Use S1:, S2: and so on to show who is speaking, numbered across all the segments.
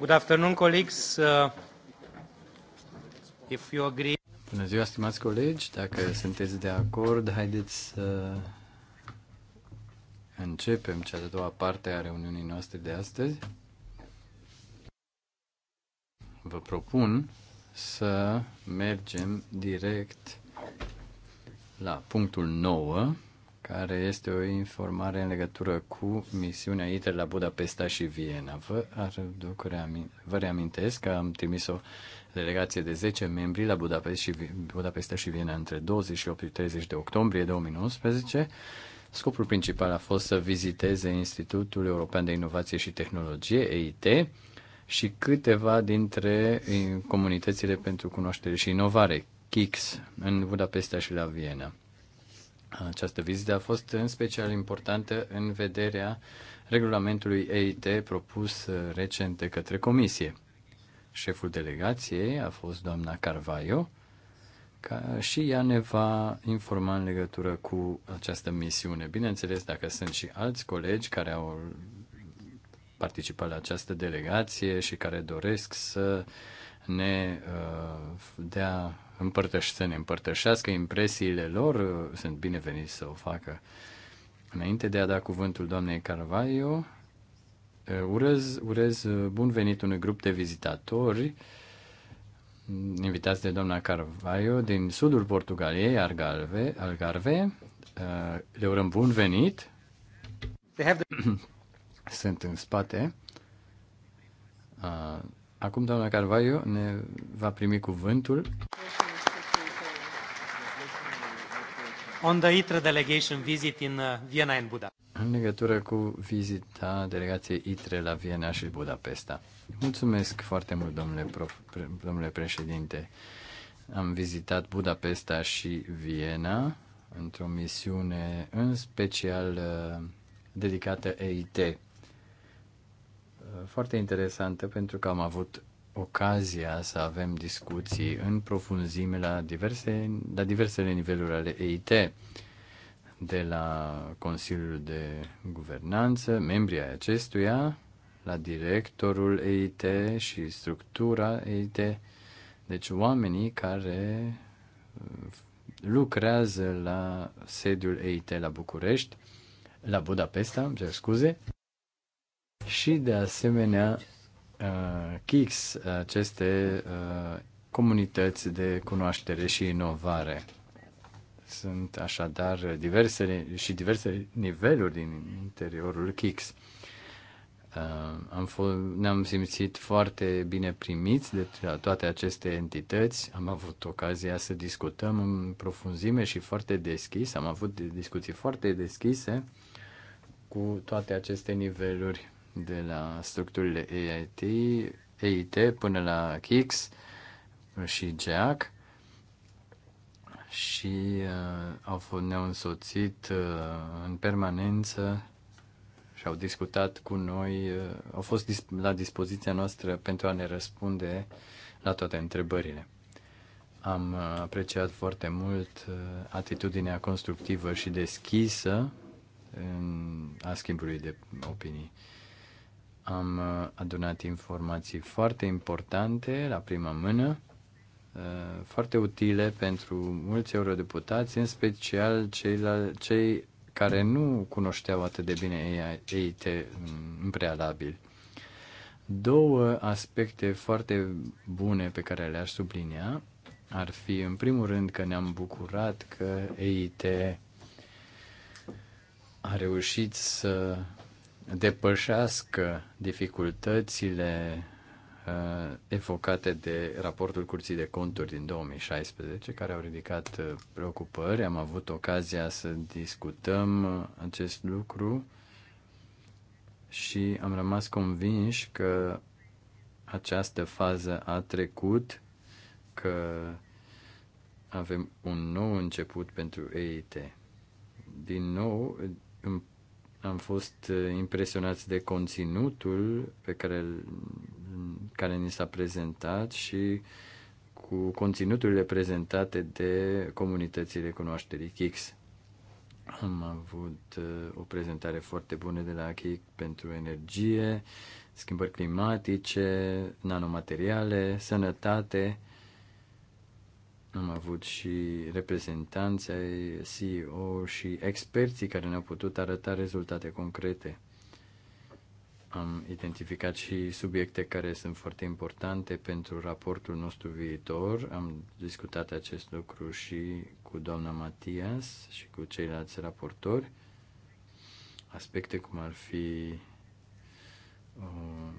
S1: Good afternoon, colleagues. Uh, if you agree...
S2: Bună ziua, stimați colegi. Dacă sunteți de acord, haideți să începem cea de-a doua parte a reuniunii noastre de astăzi. Vă propun să mergem direct la punctul 9 care este o informare în legătură cu misiunea ITER la Budapesta și Viena. Vă, aduc, vă reamintesc că am trimis o delegație de 10 membri la Budapest și, Budapesta și Viena între 28 și 30 de octombrie 2019. Scopul principal a fost să viziteze Institutul European de Inovație și Tehnologie, EIT, și câteva dintre eh, comunitățile pentru cunoaștere și inovare, KICS, în Budapesta și la Viena. Această vizită a fost în special importantă în vederea regulamentului EIT propus recent de către Comisie. Șeful delegației a fost doamna Carvaio ca și ea ne va informa în legătură cu această misiune. Bineînțeles, dacă sunt și alți colegi care au participat la această delegație și care doresc să ne uh, dea împărtăș- să ne împărtășească impresiile lor, sunt bineveniți să o facă. Înainte de a da cuvântul doamnei Carvaio, urez, urez bun venit unui grup de vizitatori invitați de doamna Carvaio din sudul Portugaliei, Algarve. Algarve. Le urăm bun venit. Sunt în spate. Acum doamna Carvaio ne va primi cuvântul. on the ITRA
S1: delegation visit in uh, Vienna and Budapesta.
S2: În legătură cu vizita delegației ITRE la Viena și Budapesta. Mulțumesc foarte mult, domnule, pre, domnule președinte. Am vizitat Budapesta și Viena într-o misiune în special uh, dedicată EIT. Uh, foarte interesantă pentru că am avut ocazia să avem discuții în profunzime la, diverse, la diversele niveluri ale EIT, de la Consiliul de Guvernanță, membrii ai acestuia, la directorul EIT și structura EIT, deci oamenii care uh, lucrează la sediul EIT la București, la Budapesta, îmi cer scuze, și de asemenea Uh, Kix, KICS, aceste uh, comunități de cunoaștere și inovare. Sunt așadar diverse și diverse niveluri din interiorul KICS. Uh, am f- ne-am simțit foarte bine primiți de toate aceste entități. Am avut ocazia să discutăm în profunzime și foarte deschis. Am avut discuții foarte deschise cu toate aceste niveluri de la structurile EIT, EIT până la KIX și GEAC și uh, au fost, ne-au însoțit uh, în permanență și au discutat cu noi, uh, au fost dis- la dispoziția noastră pentru a ne răspunde la toate întrebările. Am uh, apreciat foarte mult uh, atitudinea constructivă și deschisă în, a schimbului de opinii. Uh, am uh, adunat informații foarte importante la prima mână, uh, foarte utile pentru mulți eurodeputați, în special cei, la, cei care nu cunoșteau atât de bine EIT în prealabil. Două aspecte foarte bune pe care le-aș sublinia ar fi, în primul rând, că ne-am bucurat că EIT a reușit să depășească dificultățile uh, evocate de raportul Curții de Conturi din 2016, care au ridicat uh, preocupări. Am avut ocazia să discutăm uh, acest lucru și am rămas convinși că această fază a trecut, că avem un nou început pentru EIT. Din nou, am fost uh, impresionați de conținutul pe care, care ni s-a prezentat și cu conținuturile prezentate de comunitățile cunoașterii KIX. Am avut uh, o prezentare foarte bună de la KIX pentru energie, schimbări climatice, nanomateriale, sănătate, am avut și reprezentanți, ai CEO și experții care ne-au putut arăta rezultate concrete. Am identificat și subiecte care sunt foarte importante pentru raportul nostru viitor. Am discutat acest lucru și cu doamna Matias și cu ceilalți raportori. Aspecte cum ar fi uh,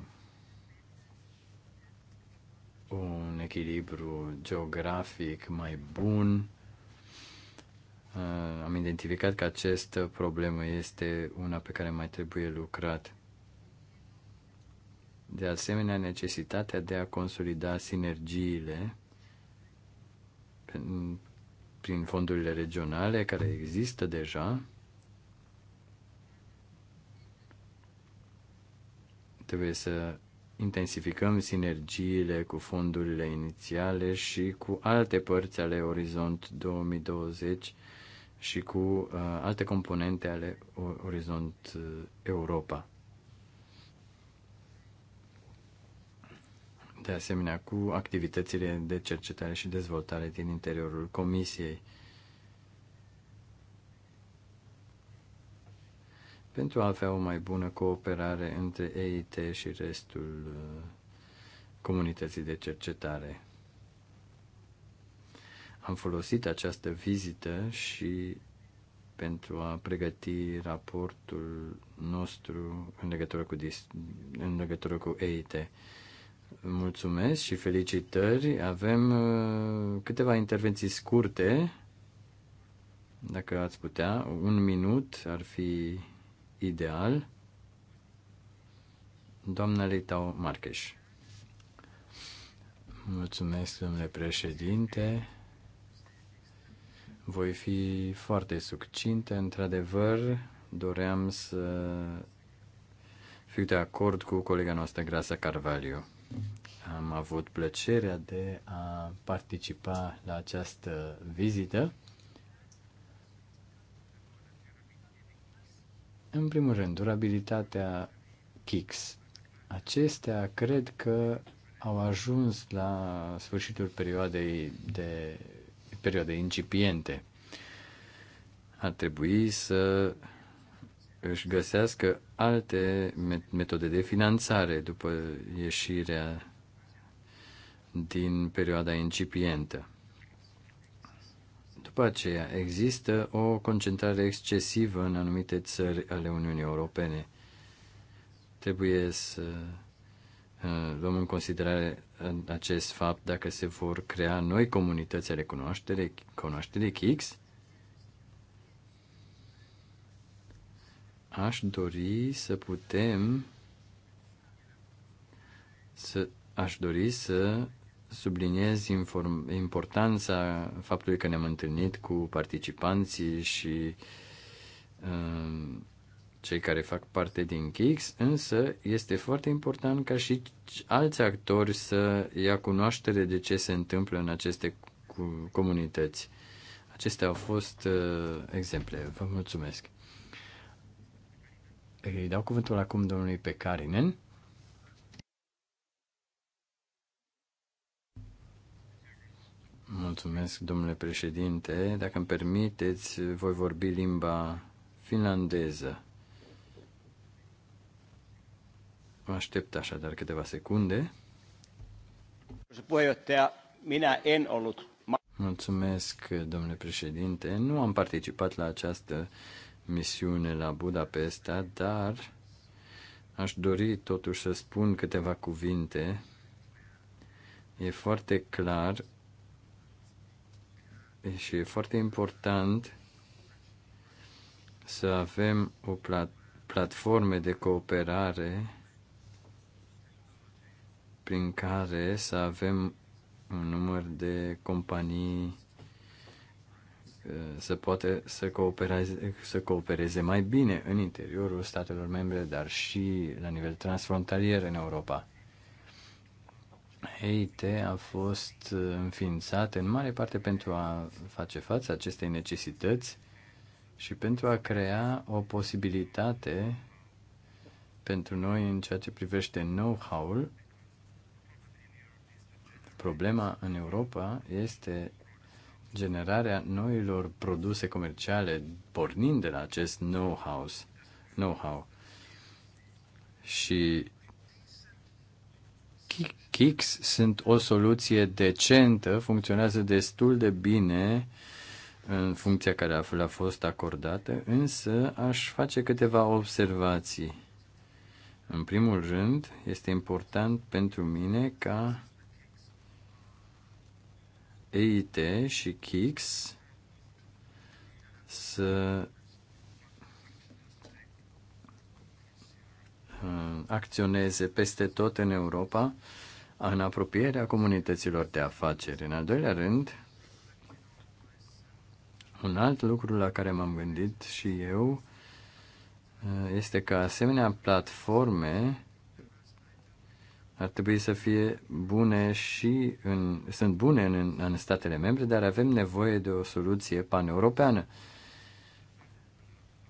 S2: un echilibru geografic mai bun. Uh, am identificat că această problemă este una pe care mai trebuie lucrat. De asemenea, necesitatea de a consolida sinergiile prin fondurile regionale care există deja. Trebuie să intensificăm sinergiile cu fondurile inițiale și cu alte părți ale Orizont 2020 și cu uh, alte componente ale Orizont uh, Europa. De asemenea, cu activitățile de cercetare și dezvoltare din interiorul Comisiei. pentru a avea o mai bună cooperare între EIT și restul uh, comunității de cercetare. Am folosit această vizită și pentru a pregăti raportul nostru în legătură cu, în legătură cu EIT. Mulțumesc și felicitări. Avem uh, câteva intervenții scurte. Dacă ați putea, un minut ar fi ideal, doamna Litau Marcheș. Mulțumesc, domnule președinte. Voi fi foarte succintă. Într-adevăr, doream să fiu de acord cu colega noastră, Grasa Carvalho. Am avut plăcerea de a participa la această vizită În primul rând, durabilitatea Kicks. Acestea cred că au ajuns la sfârșitul perioadei de perioade incipiente. Ar trebui să își găsească alte metode de finanțare după ieșirea din perioada incipientă. După aceea, există o concentrare excesivă în anumite țări ale Uniunii Europene. Trebuie să uh, luăm în considerare acest fapt dacă se vor crea noi comunități ale cunoașterii, cunoașterii X. Aș dori să putem să aș dori să subliniez importanța faptului că ne-am întâlnit cu participanții și um, cei care fac parte din Kix, însă este foarte important ca și alți actori să ia cunoaștere de ce se întâmplă în aceste comunități. Acestea au fost uh, exemple. Vă mulțumesc. Îi dau cuvântul acum domnului Pecarinen Mulțumesc, domnule președinte. Dacă îmi permiteți, voi vorbi limba finlandeză. Mă aștept așadar câteva secunde. Mulțumesc, domnule președinte. Nu am participat la această misiune la Budapesta, dar aș dori totuși să spun câteva cuvinte. E foarte clar și e foarte important să avem o plat- platforme de cooperare prin care să avem un număr de companii uh, să poate să coopereze, să coopereze mai bine în interiorul statelor membre, dar și la nivel transfrontalier în Europa. EIT a fost uh, înființat în mare parte pentru a face față acestei necesități și pentru a crea o posibilitate pentru noi în ceea ce privește know-how-ul. Problema în Europa este generarea noilor produse comerciale pornind de la acest know-how. Know-how. Și Kicks sunt o soluție decentă, funcționează destul de bine în funcția care a fost acordată, însă aș face câteva observații. În primul rând, este important pentru mine ca EIT și KIX să Uh, acționeze peste tot în Europa în apropierea comunităților de afaceri. În al doilea rând, un alt lucru la care m-am gândit și eu uh, este că asemenea platforme ar trebui să fie bune și în, sunt bune în, în statele membre, dar avem nevoie de o soluție paneuropeană.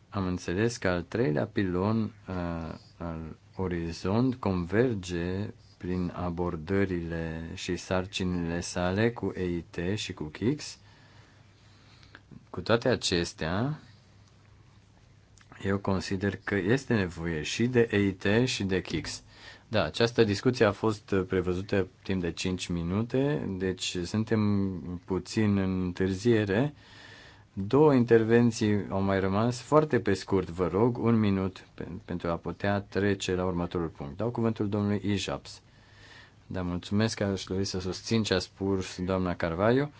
S2: Am înțeles că al treilea pilon uh, al Orizont converge prin abordările și sarcinile sale cu EIT și cu KIX. Cu toate acestea, eu consider că este nevoie și de EIT și de KIX. Da, această discuție a fost prevăzută timp de 5 minute, deci suntem puțin în întârziere. Două intervenții au mai rămas, foarte pe scurt, vă rog, un minut pentru a putea trece la următorul punct. Dau cuvântul domnului Ijaps. Da, mulțumesc că aș dori să susțin ce a spus doamna Carvaiu.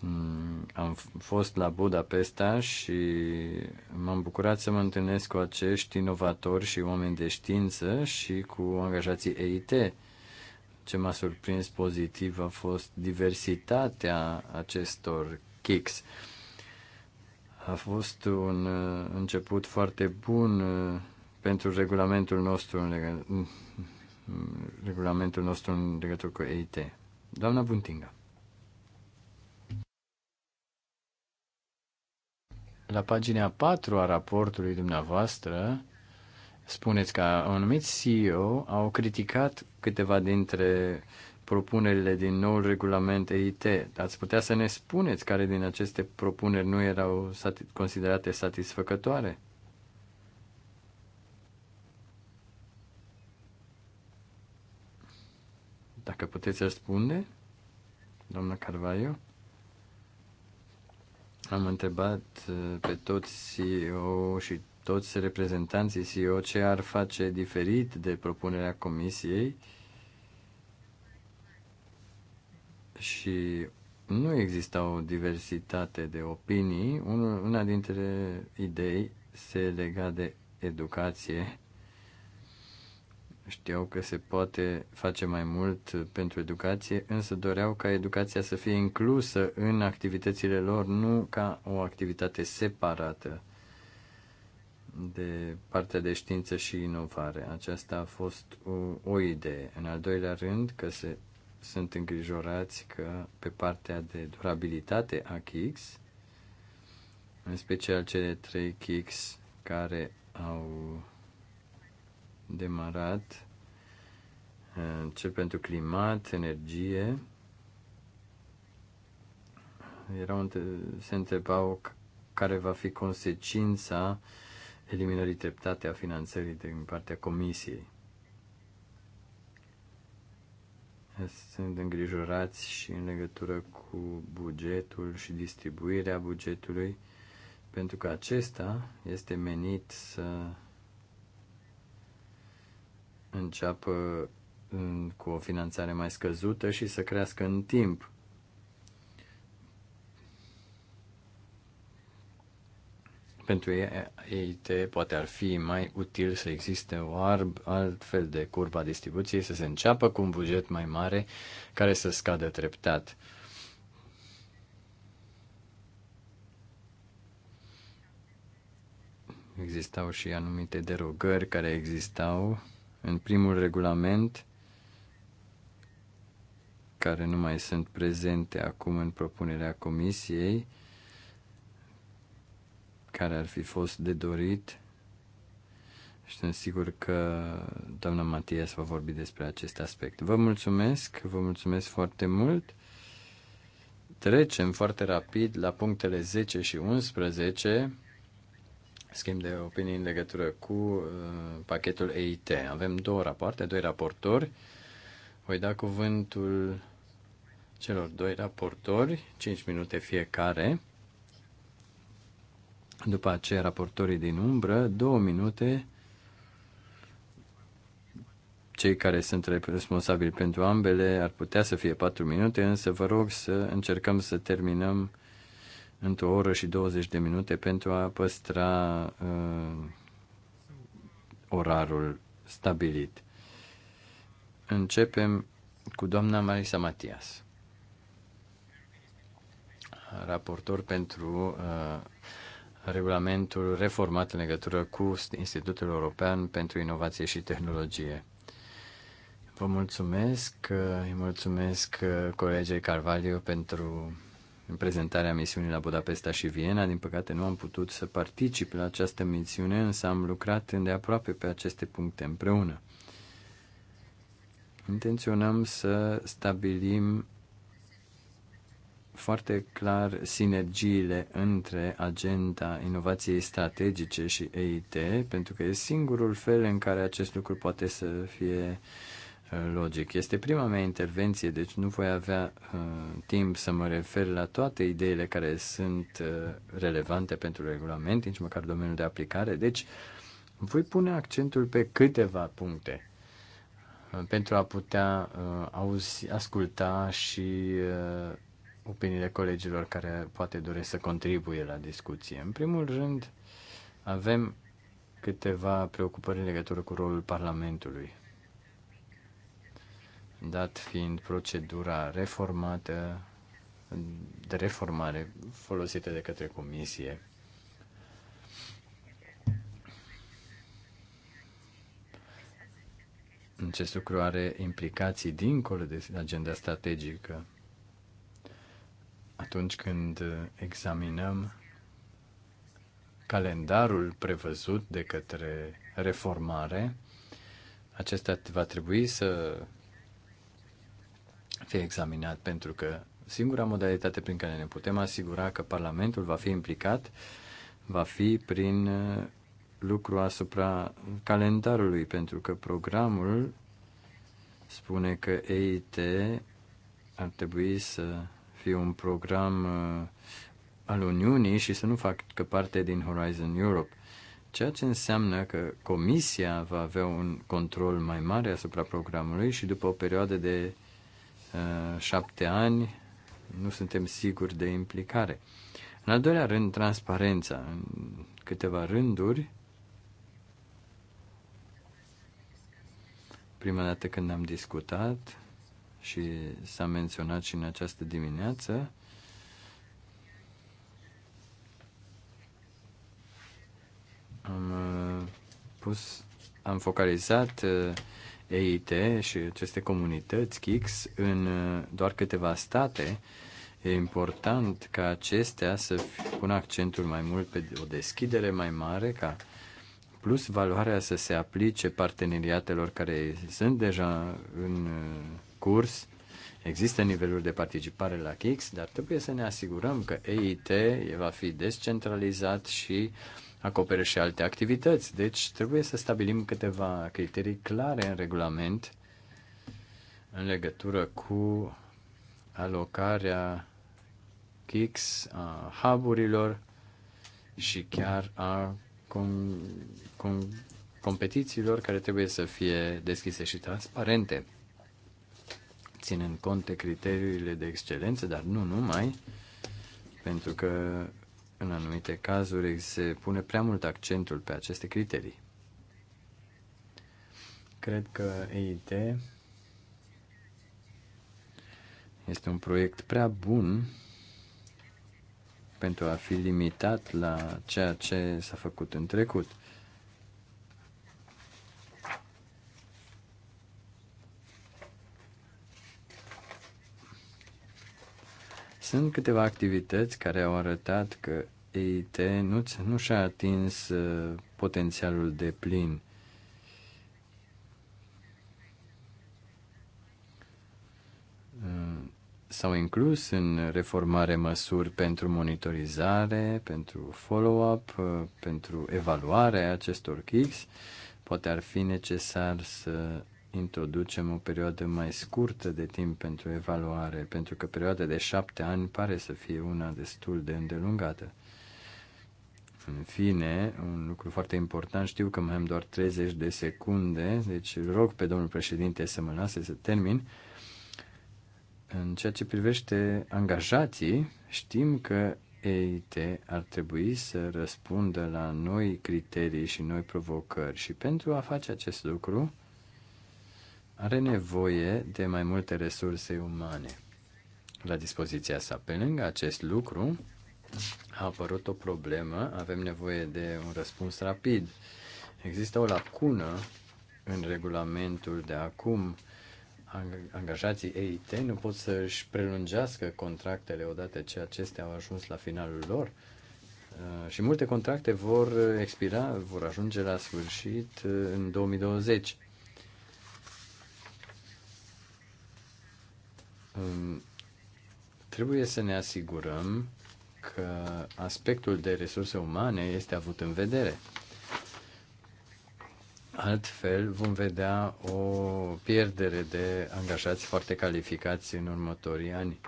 S2: Mm, am fost la Budapesta și m-am bucurat să mă întâlnesc cu acești inovatori și oameni de știință și cu angajații EIT. Ce m-a surprins pozitiv a fost diversitatea acestor kicks. A fost un uh, început foarte bun uh, pentru regulamentul nostru în, uh, regulamentul nostru în legătură cu EIT. Doamna Buntinga. La pagina 4 a raportului dumneavoastră, spuneți că anumiți CEO au criticat câteva dintre propunerile din noul regulament EIT. Ați putea să ne spuneți care din aceste propuneri nu erau sati- considerate satisfăcătoare? Dacă puteți răspunde, doamna Carvaio? Am întrebat uh, pe toți CEO și toți reprezentanții CEO ce ar face diferit de propunerea comisiei uh, și nu exista o diversitate de opinii. Una dintre idei se lega de educație. Știau că se poate face mai mult pentru educație, însă doreau ca educația să fie inclusă în activitățile lor, nu ca o activitate separată de partea de știință și inovare. Aceasta a fost o, o idee. În al doilea rând, că se sunt îngrijorați că pe partea de durabilitate a KIX, în special cele trei KIX care au demarat, uh, cel pentru climat, energie, erau, se întrebau care va fi consecința eliminării treptate a finanțării din partea Comisiei. sunt îngrijorați și în legătură cu bugetul și distribuirea bugetului, pentru că acesta este menit să înceapă cu o finanțare mai scăzută și să crească în timp. pentru ei te, poate ar fi mai util să existe o arb, fel de curba distribuției, să se înceapă cu un buget mai mare care să scadă treptat. Existau și anumite derogări care existau în primul regulament care nu mai sunt prezente acum în propunerea comisiei care ar fi fost de dorit și sunt sigur că doamna Matias va vorbi despre acest aspect. Vă mulțumesc, vă mulțumesc foarte mult. Trecem foarte rapid la punctele 10 și 11, schimb de opinii în legătură cu uh, pachetul EIT. Avem două rapoarte, doi raportori. Voi da cuvântul celor doi raportori, 5 minute fiecare. După aceea, raportorii din umbră, două minute, cei care sunt responsabili pentru ambele ar putea să fie patru minute, însă vă rog să încercăm să terminăm într-o oră și 20 de minute pentru a păstra uh, orarul stabilit. Începem cu doamna Marisa Matias, raportor pentru uh, regulamentul reformat în legătură cu Institutul European pentru Inovație și Tehnologie. Vă mulțumesc, îi mulțumesc colegei Carvalho pentru prezentarea misiunii la Budapesta și Viena. Din păcate nu am putut să particip la această misiune, însă am lucrat îndeaproape pe aceste puncte împreună. Intenționăm să stabilim foarte clar sinergiile între agenda inovației strategice și EIT, pentru că e singurul fel în care acest lucru poate să fie uh, logic. Este prima mea intervenție, deci nu voi avea uh, timp să mă refer la toate ideile care sunt uh, relevante pentru regulament, nici măcar domeniul de aplicare, deci voi pune accentul pe câteva puncte uh, pentru a putea uh, auzi, asculta și uh, opiniile colegilor care poate doresc să contribuie la discuție. În primul rând, avem câteva preocupări în legătură cu rolul Parlamentului. Dat fiind procedura reformată, de reformare folosită de către Comisie. Acest lucru are implicații dincolo de agenda strategică atunci când uh, examinăm calendarul prevăzut de către reformare, acesta va trebui să fie examinat pentru că singura modalitate prin care ne putem asigura că Parlamentul va fi implicat va fi prin uh, lucru asupra calendarului, pentru că programul spune că EIT ar trebui să fie un program uh, al Uniunii și să nu facă parte din Horizon Europe, ceea ce înseamnă că Comisia va avea un control mai mare asupra programului și după o perioadă de uh, șapte ani nu suntem siguri de implicare. În al doilea rând, transparența. În câteva rânduri, prima dată când am discutat, și s-a menționat și în această dimineață, am uh, pus, am focalizat uh, EIT și aceste comunități KIX în uh, doar câteva state. E important ca acestea să pună accentul mai mult pe o deschidere mai mare, ca plus valoarea să se aplice parteneriatelor care sunt deja în curs. Există niveluri de participare la KICS, dar trebuie să ne asigurăm că EIT va fi descentralizat și acopere și alte activități. Deci trebuie să stabilim câteva criterii clare în regulament în legătură cu alocarea KICS a hub-urilor și chiar a com- com- competițiilor care trebuie să fie deschise și transparente ținând cont de criteriile de excelență, dar nu numai, pentru că în anumite cazuri se pune prea mult accentul pe aceste criterii. Cred că EIT este un proiect prea bun pentru a fi limitat la ceea ce s-a făcut în trecut. Sunt câteva activități care au arătat că EIT nu, nu și-a atins uh, potențialul de plin. Uh, s-au inclus în reformare măsuri pentru monitorizare, pentru follow-up, uh, pentru evaluare acestor kicks. Poate ar fi necesar să introducem o perioadă mai scurtă de timp pentru evaluare, pentru că perioada de șapte ani pare să fie una destul de îndelungată. În fine, un lucru foarte important, știu că mai am doar 30 de secunde, deci rog pe domnul președinte să mă lase să termin. În ceea ce privește angajații, știm că EIT ar trebui să răspundă la noi criterii și noi provocări și pentru a face acest lucru, are nevoie de mai multe resurse umane la dispoziția sa. Pe lângă acest lucru, a apărut o problemă, avem nevoie de un răspuns rapid. Există o lacună în regulamentul de acum. Angajații EIT nu pot să-și prelungească contractele odată ce acestea au ajuns la finalul lor uh, și multe contracte vor expira, vor ajunge la sfârșit uh, în 2020. Um, trebuie să ne asigurăm că aspectul de resurse umane este avut în vedere. Altfel vom vedea o pierdere de angajați foarte calificați în următorii ani.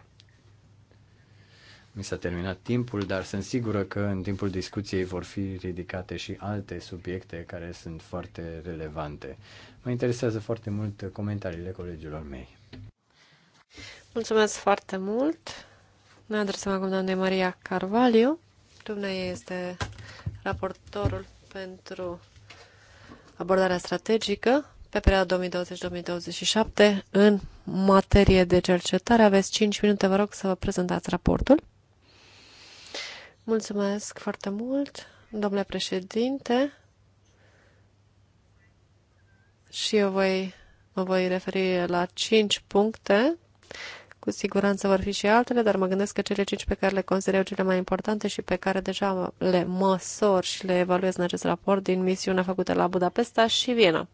S2: Mi s-a terminat timpul, dar sunt sigură că în timpul discuției vor fi ridicate și alte subiecte care sunt foarte relevante. Mă interesează foarte mult comentariile colegilor mei.
S1: Mulțumesc foarte mult. Ne adresăm acum doamnei Maria Carvalho. Dumnezeu este raportorul pentru abordarea strategică pe perioada 2020-2027 în materie de cercetare. Aveți 5 minute, vă rog să vă prezentați raportul. Mulțumesc foarte mult, domnule președinte. Și eu voi, mă voi referi la 5 puncte cu siguranță vor fi și altele, dar mă gândesc că cele cinci pe care le consider eu cele mai importante și pe care deja le măsor și le evaluez în acest raport din misiunea făcută la Budapesta și Viena.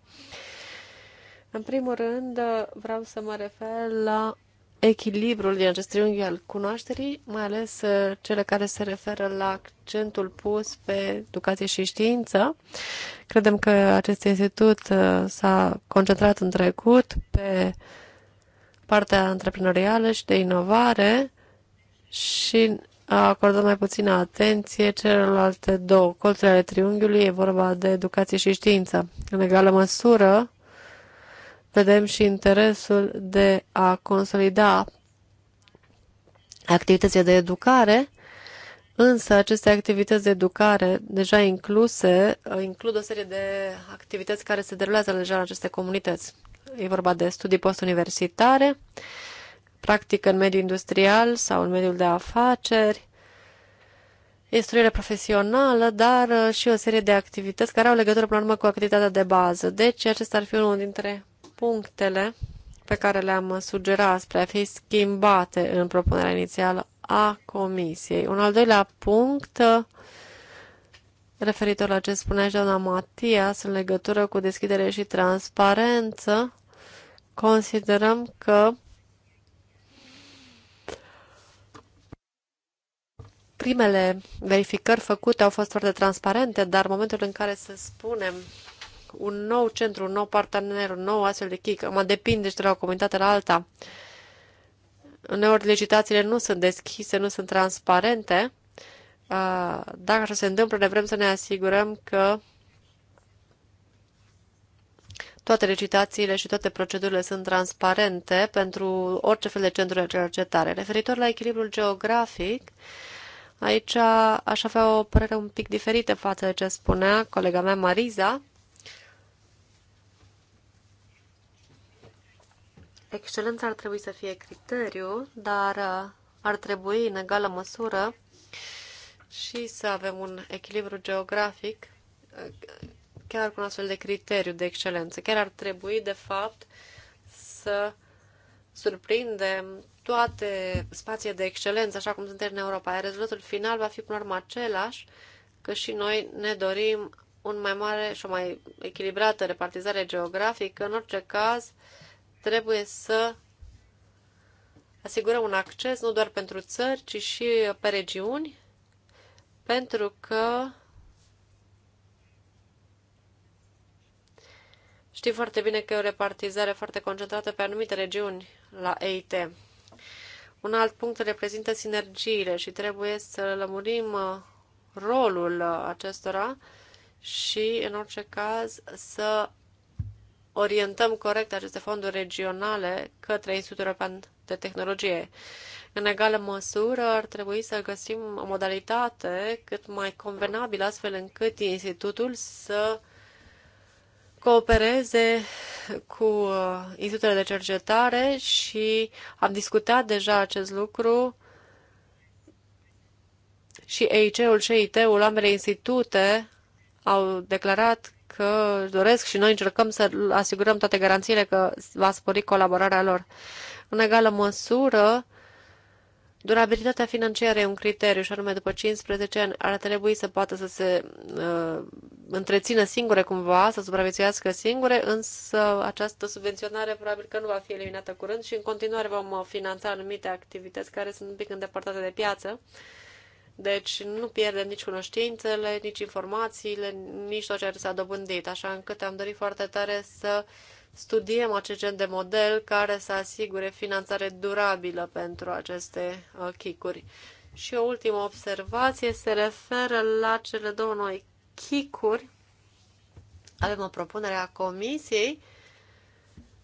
S1: În primul rând, vreau să mă refer la echilibrul din acest triunghi al cunoașterii, mai ales uh, cele care se referă la accentul pus pe educație și știință. Credem că acest institut uh, s-a concentrat în trecut pe partea antreprenorială și de inovare și acordăm mai puțină atenție celorlalte două colțuri ale triunghiului, e vorba de educație și știință. În egală măsură, vedem și interesul de a consolida activitățile de educare, însă aceste activități de educare deja incluse includ o serie de activități care se derulează deja în aceste comunități e vorba de studii postuniversitare, practică în mediul industrial sau în mediul de afaceri, instruire profesională, dar uh, și o serie de activități care au legătură, până la urmă, cu activitatea de bază. Deci, acesta ar fi unul dintre punctele pe care le-am sugerat spre a fi schimbate în propunerea inițială a Comisiei. Un al doilea punct uh, referitor la ce spunea și doamna Matias în legătură cu deschidere și transparență, considerăm că primele verificări făcute au fost foarte transparente, dar în momentul în care, să spunem, un nou centru, un nou partener, un nou astfel de chic, mă depinde și deci, de la o comunitate la alta, uneori licitațiile nu sunt deschise, nu sunt transparente, Uh, dacă așa se întâmplă, ne vrem să ne asigurăm că toate recitațiile și toate procedurile sunt transparente pentru orice fel de centru de cercetare. Referitor la echilibrul geografic, aici aș avea o părere un pic diferită față de ce spunea colega mea Mariza. Excelența ar trebui să fie criteriu, dar uh, ar trebui în egală măsură și să avem un echilibru geografic chiar cu un astfel de criteriu de excelență. Chiar ar trebui, de fapt, să surprindem toate spațiile de excelență, așa cum suntem în Europa. Iar rezultatul final va fi, până la urmă, același, că și noi ne dorim un mai mare și o mai echilibrată repartizare geografică. În orice caz, trebuie să asigurăm un acces nu doar pentru țări, ci și pe regiuni pentru că știm foarte bine că e o repartizare foarte concentrată pe anumite regiuni la EIT. Un alt punct reprezintă sinergiile și trebuie să lămurim uh, rolul uh, acestora și, în orice caz, să orientăm corect aceste fonduri regionale către Institutul European de Tehnologie. În egală măsură ar trebui să găsim o modalitate cât mai convenabilă astfel încât institutul să coopereze cu uh, institutele de cercetare și am discutat deja acest lucru și EIC-ul și EIT-ul, ambele institute, au declarat că doresc și noi încercăm să asigurăm toate garanțiile că va spori colaborarea lor. În egală măsură, Durabilitatea financiară e un criteriu și anume după 15 ani ar trebui să poată să se uh, întrețină singure cumva, să supraviețuiască singure, însă această subvenționare probabil că nu va fi eliminată curând și în continuare vom uh, finanța anumite activități care sunt un pic îndepărtate de piață. Deci nu pierdem nici cunoștințele, nici informațiile, nici tot ce s-a dobândit, așa încât am dorit foarte tare să uh, studiem acest gen de model care să asigure finanțare durabilă pentru aceste uh, chicuri. Și o ultimă observație se referă la cele două noi chicuri. Avem o propunere a comisiei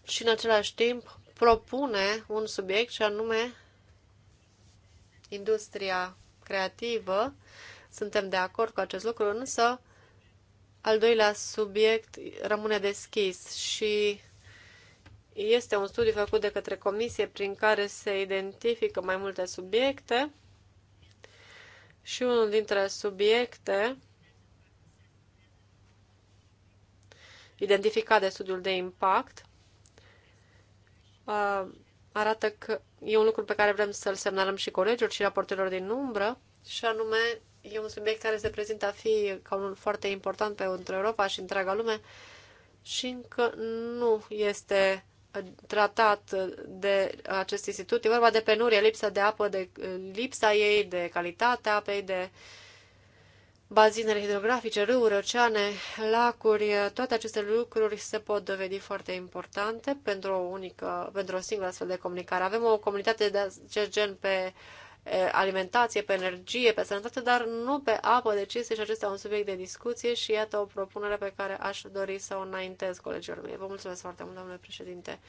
S1: și în același timp propune un subiect și anume industria creativă. Suntem de acord cu acest lucru, însă al doilea subiect rămâne deschis și este un studiu făcut de către comisie prin care se identifică mai multe subiecte și unul dintre subiecte identificat de studiul de impact uh, arată că e un lucru pe care vrem să-l semnalăm și colegilor și raportelor din umbră și anume E un subiect care se prezintă a fi ca unul foarte important pentru Europa și întreaga lume și încă nu este uh, tratat de acest institut. E vorba de penurie, lipsa de apă, de uh, lipsa ei, de calitatea apei, de bazinele hidrografice, râuri, oceane, lacuri, toate aceste lucruri se pot dovedi foarte importante pentru o, unică, pentru o singură astfel de comunicare. Avem o comunitate de acest gen pe alimentație, pe energie, pe sănătate, dar nu pe apă. Deci este și acesta un subiect de discuție și iată o propunere pe care aș dori să o înaintez colegilor mei. Vă mulțumesc foarte mult, domnule președinte.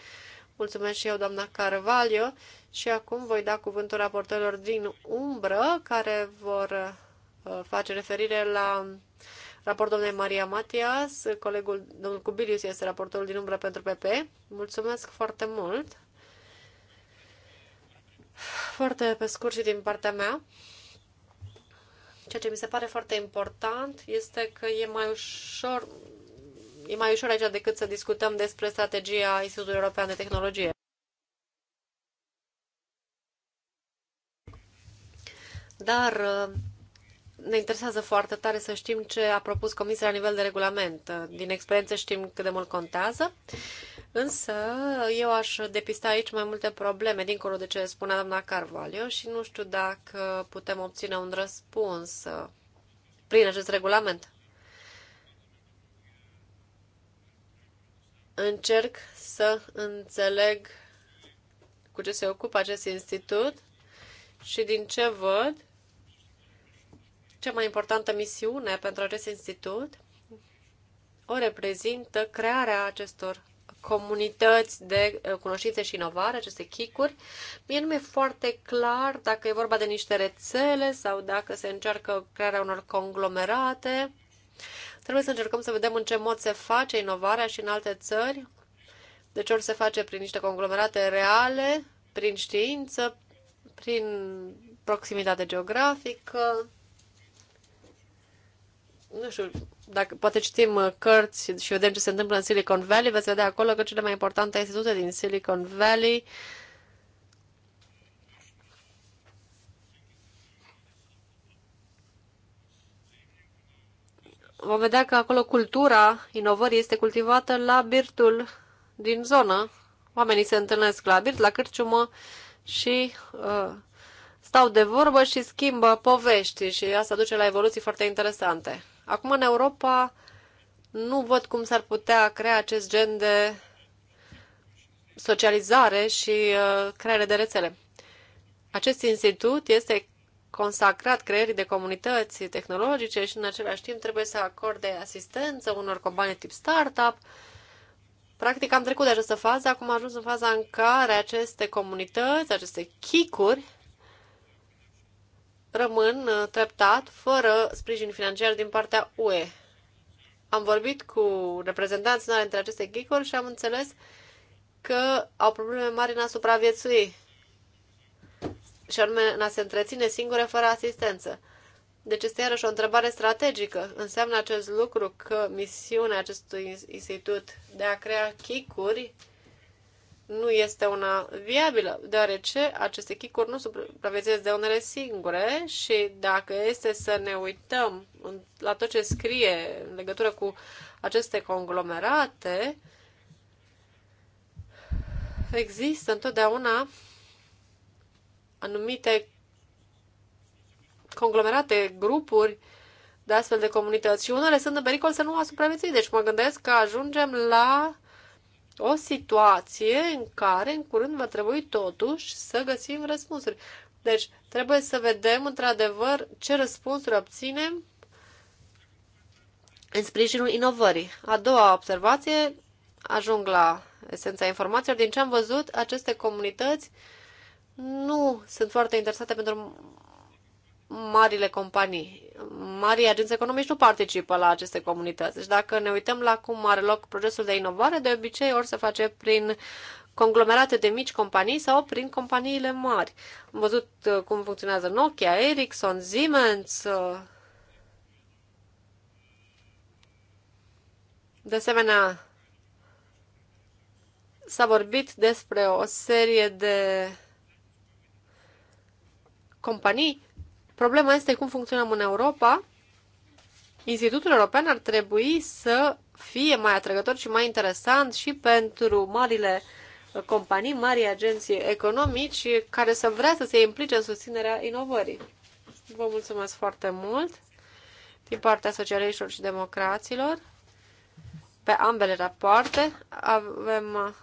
S1: Mulțumesc și eu, doamna Carvalho. Și acum voi da cuvântul raportorilor din umbră, care vor face referire la raportul domnului Maria Matias. Colegul, domnul Cubilius, este raportorul din umbră pentru PP. Mulțumesc foarte mult! Foarte pe scurt și din partea mea, ceea ce mi se pare foarte important este că e mai ușor, e mai ușor aici decât să discutăm despre strategia Institutului European de Tehnologie. Dar uh, ne interesează foarte tare să știm ce a propus Comisia la nivel de regulament. Din experiență știm cât de mult contează Însă eu aș depista aici mai multe probleme, dincolo de ce spunea doamna Carvalho, și nu știu dacă putem obține un răspuns uh, prin acest regulament. Încerc să înțeleg cu ce se ocupă acest institut și din ce văd, cea mai importantă misiune pentru acest institut o reprezintă crearea acestor comunități de eh, cunoștințe și inovare, aceste chicuri. Mie nu mi-e foarte clar dacă e vorba de niște rețele sau dacă se încearcă crearea unor conglomerate. Trebuie să încercăm să vedem în ce mod se face inovarea și în alte țări. Deci ori se face prin niște conglomerate reale, prin știință, prin proximitate geografică, nu știu, dacă poate citim uh, cărți și vedem ce se întâmplă în Silicon Valley, veți vedea acolo că cele mai importante institute din Silicon Valley vom vedea că acolo cultura inovării este cultivată la birtul din zonă. Oamenii se întâlnesc la birt, la cârciumă și uh, stau de vorbă și schimbă povești și asta duce la evoluții foarte interesante. Acum, în Europa, nu văd cum s-ar putea crea acest gen de socializare și uh, creare de rețele. Acest institut este consacrat creierii de comunități tehnologice și în același timp trebuie să acorde asistență unor companii tip startup. Practic am trecut de această fază, acum am ajuns în faza în care aceste comunități, aceste chicuri, rămân uh, treptat fără sprijin financiar din partea UE. Am vorbit cu noastre dintre aceste geek și am înțeles că au probleme mari în a supraviețui și anume în a se întreține singure fără asistență. Deci este iarăși o întrebare strategică. Înseamnă acest lucru că misiunea acestui institut de a crea chicuri nu este una viabilă, deoarece aceste chicuri nu supraviețuiesc de unele singure și dacă este să ne uităm la tot ce scrie în legătură cu aceste conglomerate, există întotdeauna anumite conglomerate, grupuri de astfel de comunități și unele sunt în pericol să nu a supraviețui. Deci mă gândesc că ajungem la o situație în care în curând va trebui totuși să găsim răspunsuri. Deci trebuie să vedem într-adevăr ce răspunsuri obținem în sprijinul inovării. A doua observație, ajung la esența informațiilor. Din ce am văzut, aceste comunități nu sunt foarte interesate pentru marile companii, marii agenți economici nu participă la aceste comunități. Deci dacă ne uităm la cum are loc procesul de inovare, de obicei ori se face prin conglomerate de mici companii sau prin companiile mari. Am văzut uh, cum funcționează Nokia, Ericsson, Siemens. Uh. De asemenea, s-a vorbit despre o serie de companii Problema este cum funcționăm în Europa. Institutul European ar trebui să fie mai atrăgător și mai interesant și pentru marile companii, mari agenții economici care să vrea să se implice în susținerea inovării. Vă mulțumesc foarte mult din partea socialiștilor și democraților. Pe ambele rapoarte avem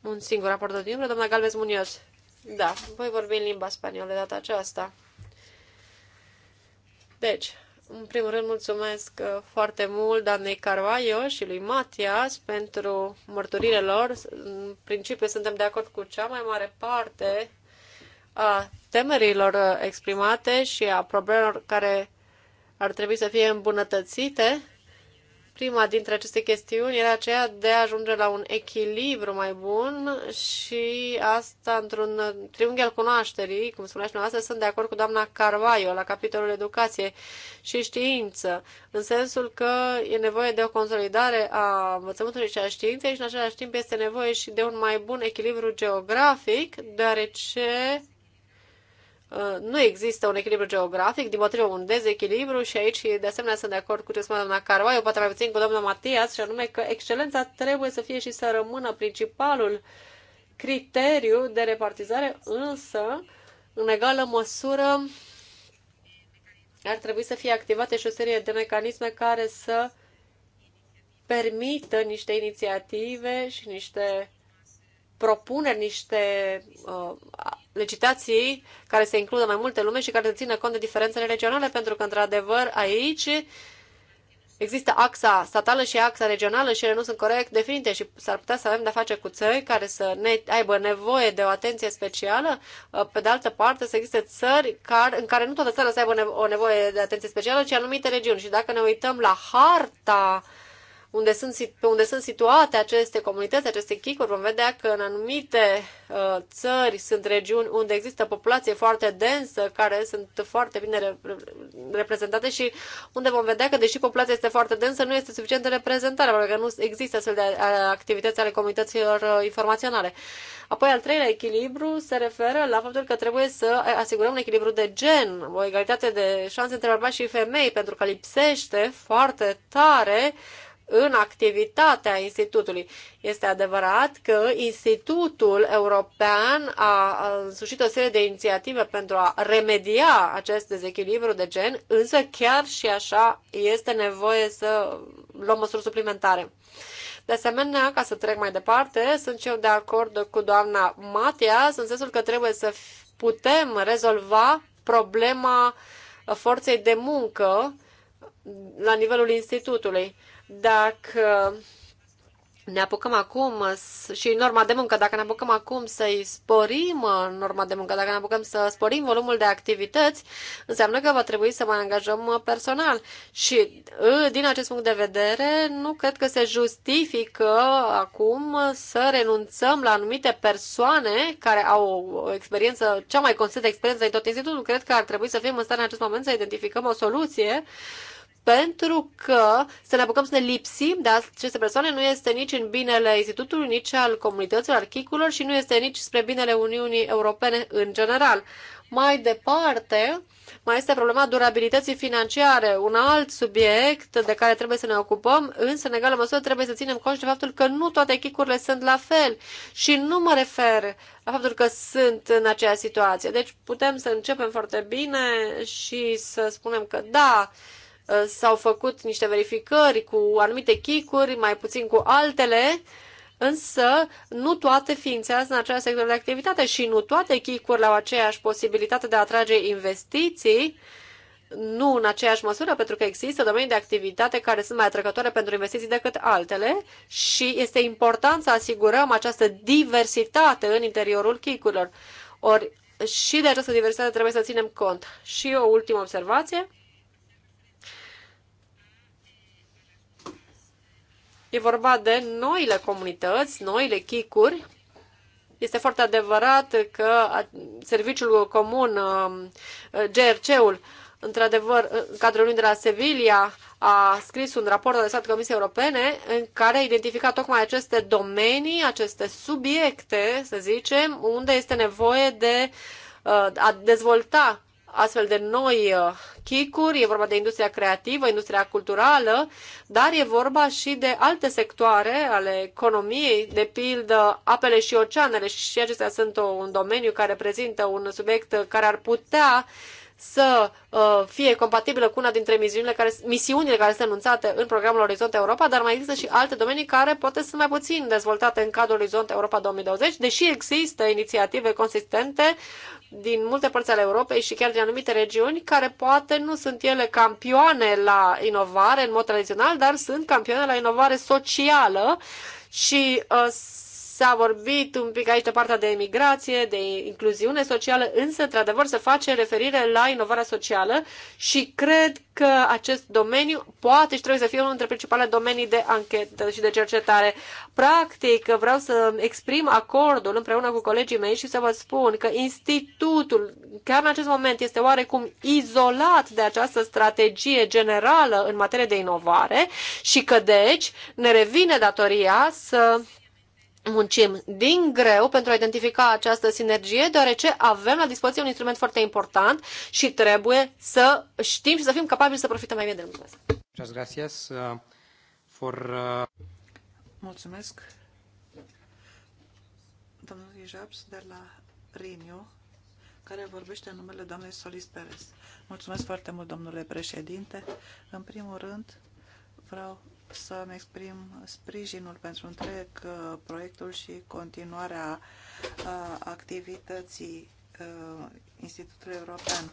S1: un singur raport de din doamna Galvez Munoz. Da, voi vorbi în limba spaniolă data aceasta. Deci, în primul rând, mulțumesc uh, foarte mult doamnei Carvaio și lui Matias pentru mărturile lor. În principiu, suntem de acord cu cea mai mare parte a temerilor uh, exprimate și a problemelor care ar trebui să fie îmbunătățite Prima dintre aceste chestiuni era aceea de a ajunge la un echilibru mai bun și asta într-un triunghi al cunoașterii, cum spunea și noastră, sunt de acord cu doamna Carvaio la capitolul educație și știință, în sensul că e nevoie de o consolidare a învățământului și a științei și în același timp este nevoie și de un mai bun echilibru geografic, deoarece Uh, nu există un echilibru geografic, din motivul un dezechilibru și aici de asemenea sunt de acord cu ce spune doamna Carvaiu, poate mai puțin cu doamna Matias, și anume că excelența trebuie să fie și să rămână principalul criteriu de repartizare, însă, în egală măsură, ar trebui să fie activate și o serie de mecanisme care să permită niște inițiative și niște propuneri, niște uh, licitații care să includă mai multe lume și care să țină cont de diferențele regionale, pentru că, într-adevăr, aici există axa statală și axa regională și ele nu sunt corect definite și s-ar putea să avem de-a face cu țări care să ne, aibă nevoie de o atenție specială. Uh, pe de altă parte, să existe țări care, în care nu toată țara să aibă o nevoie de atenție specială, ci anumite regiuni. Și dacă ne uităm la harta uh, unde sunt, pe unde sunt situate aceste comunități, aceste chicuri, vom vedea că în anumite uh, țări sunt regiuni unde există populație foarte densă, care sunt foarte bine re- reprezentate și unde vom vedea că, deși populația este foarte densă, nu este suficientă de reprezentare, pentru că nu există astfel de uh, activități ale comunităților uh, informaționale. Apoi, al treilea echilibru se referă la faptul că trebuie să asigurăm un echilibru de gen, o egalitate de șanse între bărbați și femei, pentru că lipsește foarte tare uh, în activitatea Institutului. Este adevărat că Institutul European a însușit o serie de inițiative pentru a remedia acest dezechilibru de gen, însă chiar și așa este nevoie să luăm măsuri suplimentare. De asemenea, ca să trec mai departe, sunt și eu de acord cu doamna Matia, în sensul că trebuie să putem rezolva problema forței de muncă la nivelul institutului. Dacă ne apucăm acum și norma de muncă, dacă ne apucăm acum să-i sporim norma de muncă, dacă ne apucăm să sporim volumul de activități, înseamnă că va trebui să mai angajăm personal. Și ă, din acest punct de vedere, nu cred că se justifică acum să renunțăm la anumite persoane care au o experiență, cea mai constantă experiență în tot institutul. Cred că ar trebui să fim în stare în acest moment să identificăm o soluție pentru că să ne apucăm să ne lipsim de aceste persoane nu este nici în binele institutului, nici al comunităților, al și nu este nici spre binele Uniunii Europene în general. Mai departe, mai este problema durabilității financiare, un alt subiect de care trebuie să ne ocupăm, însă, în egală măsură, trebuie să ținem cont de faptul că nu toate chicurile sunt la fel și nu mă refer la faptul că sunt în aceeași situație. Deci putem să începem foarte bine și să spunem că da, Uh, s-au făcut niște verificări cu anumite chicuri, mai puțin cu altele, însă nu toate ființează în același sector de activitate și nu toate chicurile au aceeași posibilitate de a atrage investiții, nu în aceeași măsură, pentru că există domenii de activitate care sunt mai atrăgătoare pentru investiții decât altele și este important să asigurăm această diversitate în interiorul chicurilor. Ori și de această diversitate trebuie să ținem cont. Și o ultimă observație E vorba de noile comunități, noile chicuri. Este foarte adevărat că serviciul comun, um, GRC-ul, într-adevăr, în cadrul lui de la Sevilla, a scris un raport adresat Comisiei Europene în care a identificat tocmai aceste domenii, aceste subiecte, să zicem, unde este nevoie de uh, a dezvolta astfel de noi uh, chicuri, e vorba de industria creativă, industria culturală, dar e vorba și de alte sectoare ale economiei, de pildă apele și oceanele și acestea sunt un domeniu care prezintă un subiect care ar putea să uh, fie compatibilă cu una dintre misiunile care, misiunile care sunt anunțate în programul Orizont Europa, dar mai există și alte domenii care poate sunt mai puțin dezvoltate în cadrul Orizont Europa 2020, deși există inițiative consistente din multe părți ale Europei și chiar din anumite regiuni, care poate nu sunt ele campioane la inovare în mod tradițional, dar sunt campioane la inovare socială și uh, S-a vorbit un pic aici de partea de emigrație, de incluziune socială, însă, într-adevăr, se face referire la inovarea socială și cred că acest domeniu poate și trebuie să fie unul dintre principalele domenii de anchetă și de cercetare. Practic, vreau să exprim acordul împreună cu colegii mei și să vă spun că institutul, chiar în acest moment, este oarecum izolat de această strategie generală în materie de inovare și că, deci, ne revine datoria să muncim din greu pentru a identifica această sinergie, deoarece avem la dispoziție un instrument foarte important și trebuie să știm și să fim capabili să profităm mai bine de el. Uh, for...
S3: Uh, Mulțumesc! Domnul Ijabs de la Riniu, care vorbește în numele doamnei Solis Perez. Mulțumesc foarte mult, domnule președinte. În primul rând, vreau să-mi exprim sprijinul pentru întreg uh, proiectul și continuarea uh, activității uh, Institutului European.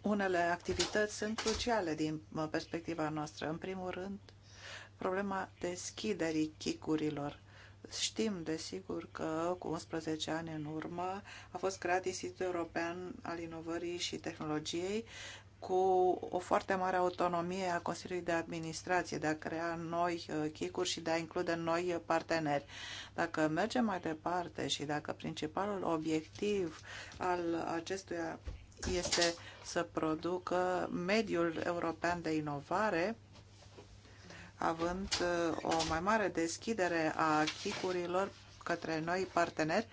S3: Unele activități sunt cruciale din perspectiva noastră. În primul rând, problema deschiderii chicurilor. Știm, desigur, că cu 11 ani în urmă a fost creat Institutul European al Inovării și Tehnologiei cu o foarte mare autonomie a Consiliului de Administrație, de a crea noi uh, chicuri și de a include noi parteneri. Dacă mergem mai departe și dacă principalul obiectiv al acestuia este să producă mediul european de inovare, având uh, o mai mare deschidere a chicurilor către noi parteneri,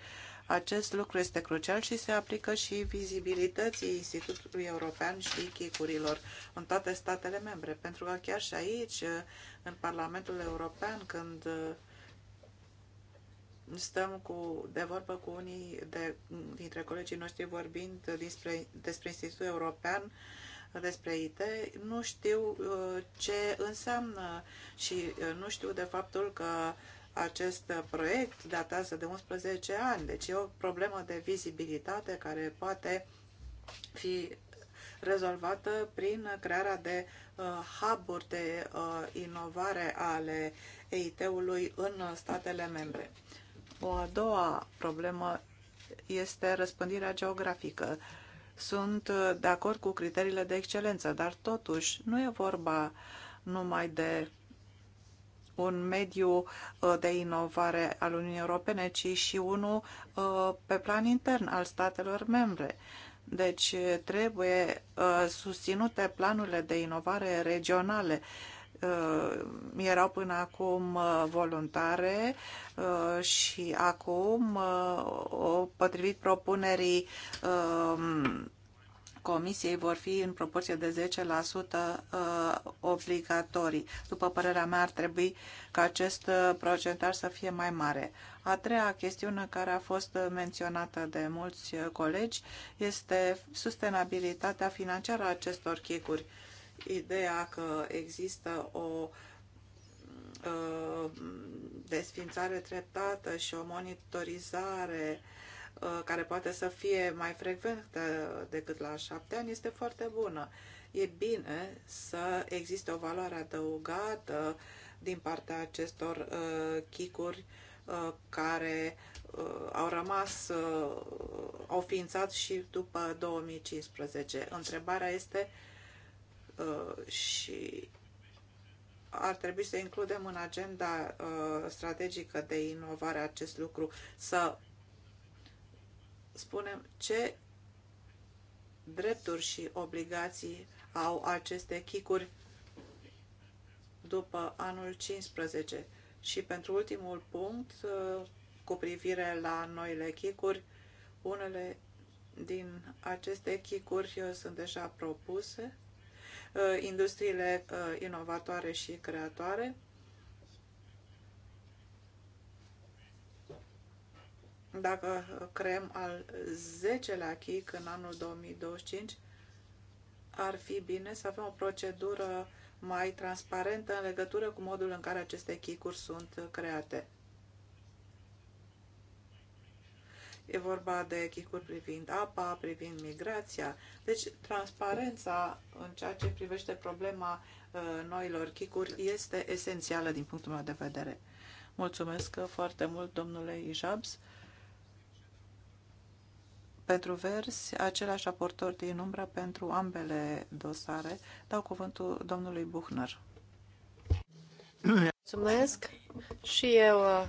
S3: acest lucru este crucial și se aplică și vizibilității Institutului European și chicurilor în toate statele membre, pentru că chiar și aici, în Parlamentul European, când uh, stăm cu, de vorbă cu unii de, dintre colegii noștri vorbind despre, despre Institutul European, uh, despre IT, nu știu uh, ce înseamnă și nu știu de faptul că acest proiect datează de 11 ani, deci e o problemă de vizibilitate care poate fi rezolvată prin crearea de uh, hub-uri de uh, inovare ale EIT-ului în statele membre. O a doua problemă este răspândirea geografică. Sunt de acord cu criteriile de excelență, dar totuși nu e vorba numai de un mediu uh, de inovare al Uniunii Europene, ci și unul uh, pe plan intern al statelor membre. Deci trebuie uh, susținute planurile de inovare regionale. Erau până acum voluntare și acum, potrivit propunerii comisiei vor fi în proporție de 10% uh, obligatorii. După părerea mea, ar trebui ca acest uh, procentaj să fie mai mare. A treia chestiune care a fost menționată de mulți uh, colegi este sustenabilitatea financiară a acestor chicuri. Ideea că există o desfințare treptată și o monitorizare uh, Uh, care poate să fie mai frecventă decât la șapte ani, este foarte bună. E bine să existe o valoare adăugată din partea acestor uh, chicuri uh, care au rămas, au ființat și după 2015. Întrebarea este și ar trebui să includem în agenda strategică de inovare acest lucru, să spunem ce drepturi și obligații au aceste chicuri după anul 15. Și pentru ultimul punct, uh, cu privire la noile chicuri, unele din aceste chicuri uh, sunt deja propuse, uh, industriile inovatoare și creatoare, Dacă creăm al 10-lea chic în anul 2025, ar fi bine să avem o procedură mai transparentă în legătură cu modul în care aceste chicuri sunt create. E vorba de chicuri privind apa, privind migrația. Deci, transparența în ceea ce privește problema uh, noilor chicuri este esențială din punctul meu de vedere. Mulțumesc foarte mult, domnule Ijabs. Pentru versi, același raportor din umbră pentru ambele dosare. Dau cuvântul domnului Buchner. Mulțumesc
S1: și eu uh,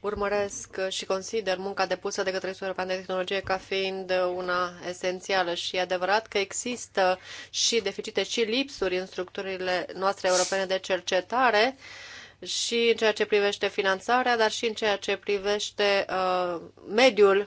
S1: urmăresc și consider munca depusă de către Sfântul European de Tehnologie ca fiind una esențială și adevărat că există și deficite și lipsuri în structurile noastre europene de cercetare și în ceea ce privește finanțarea, dar și în ceea ce privește uh, mediul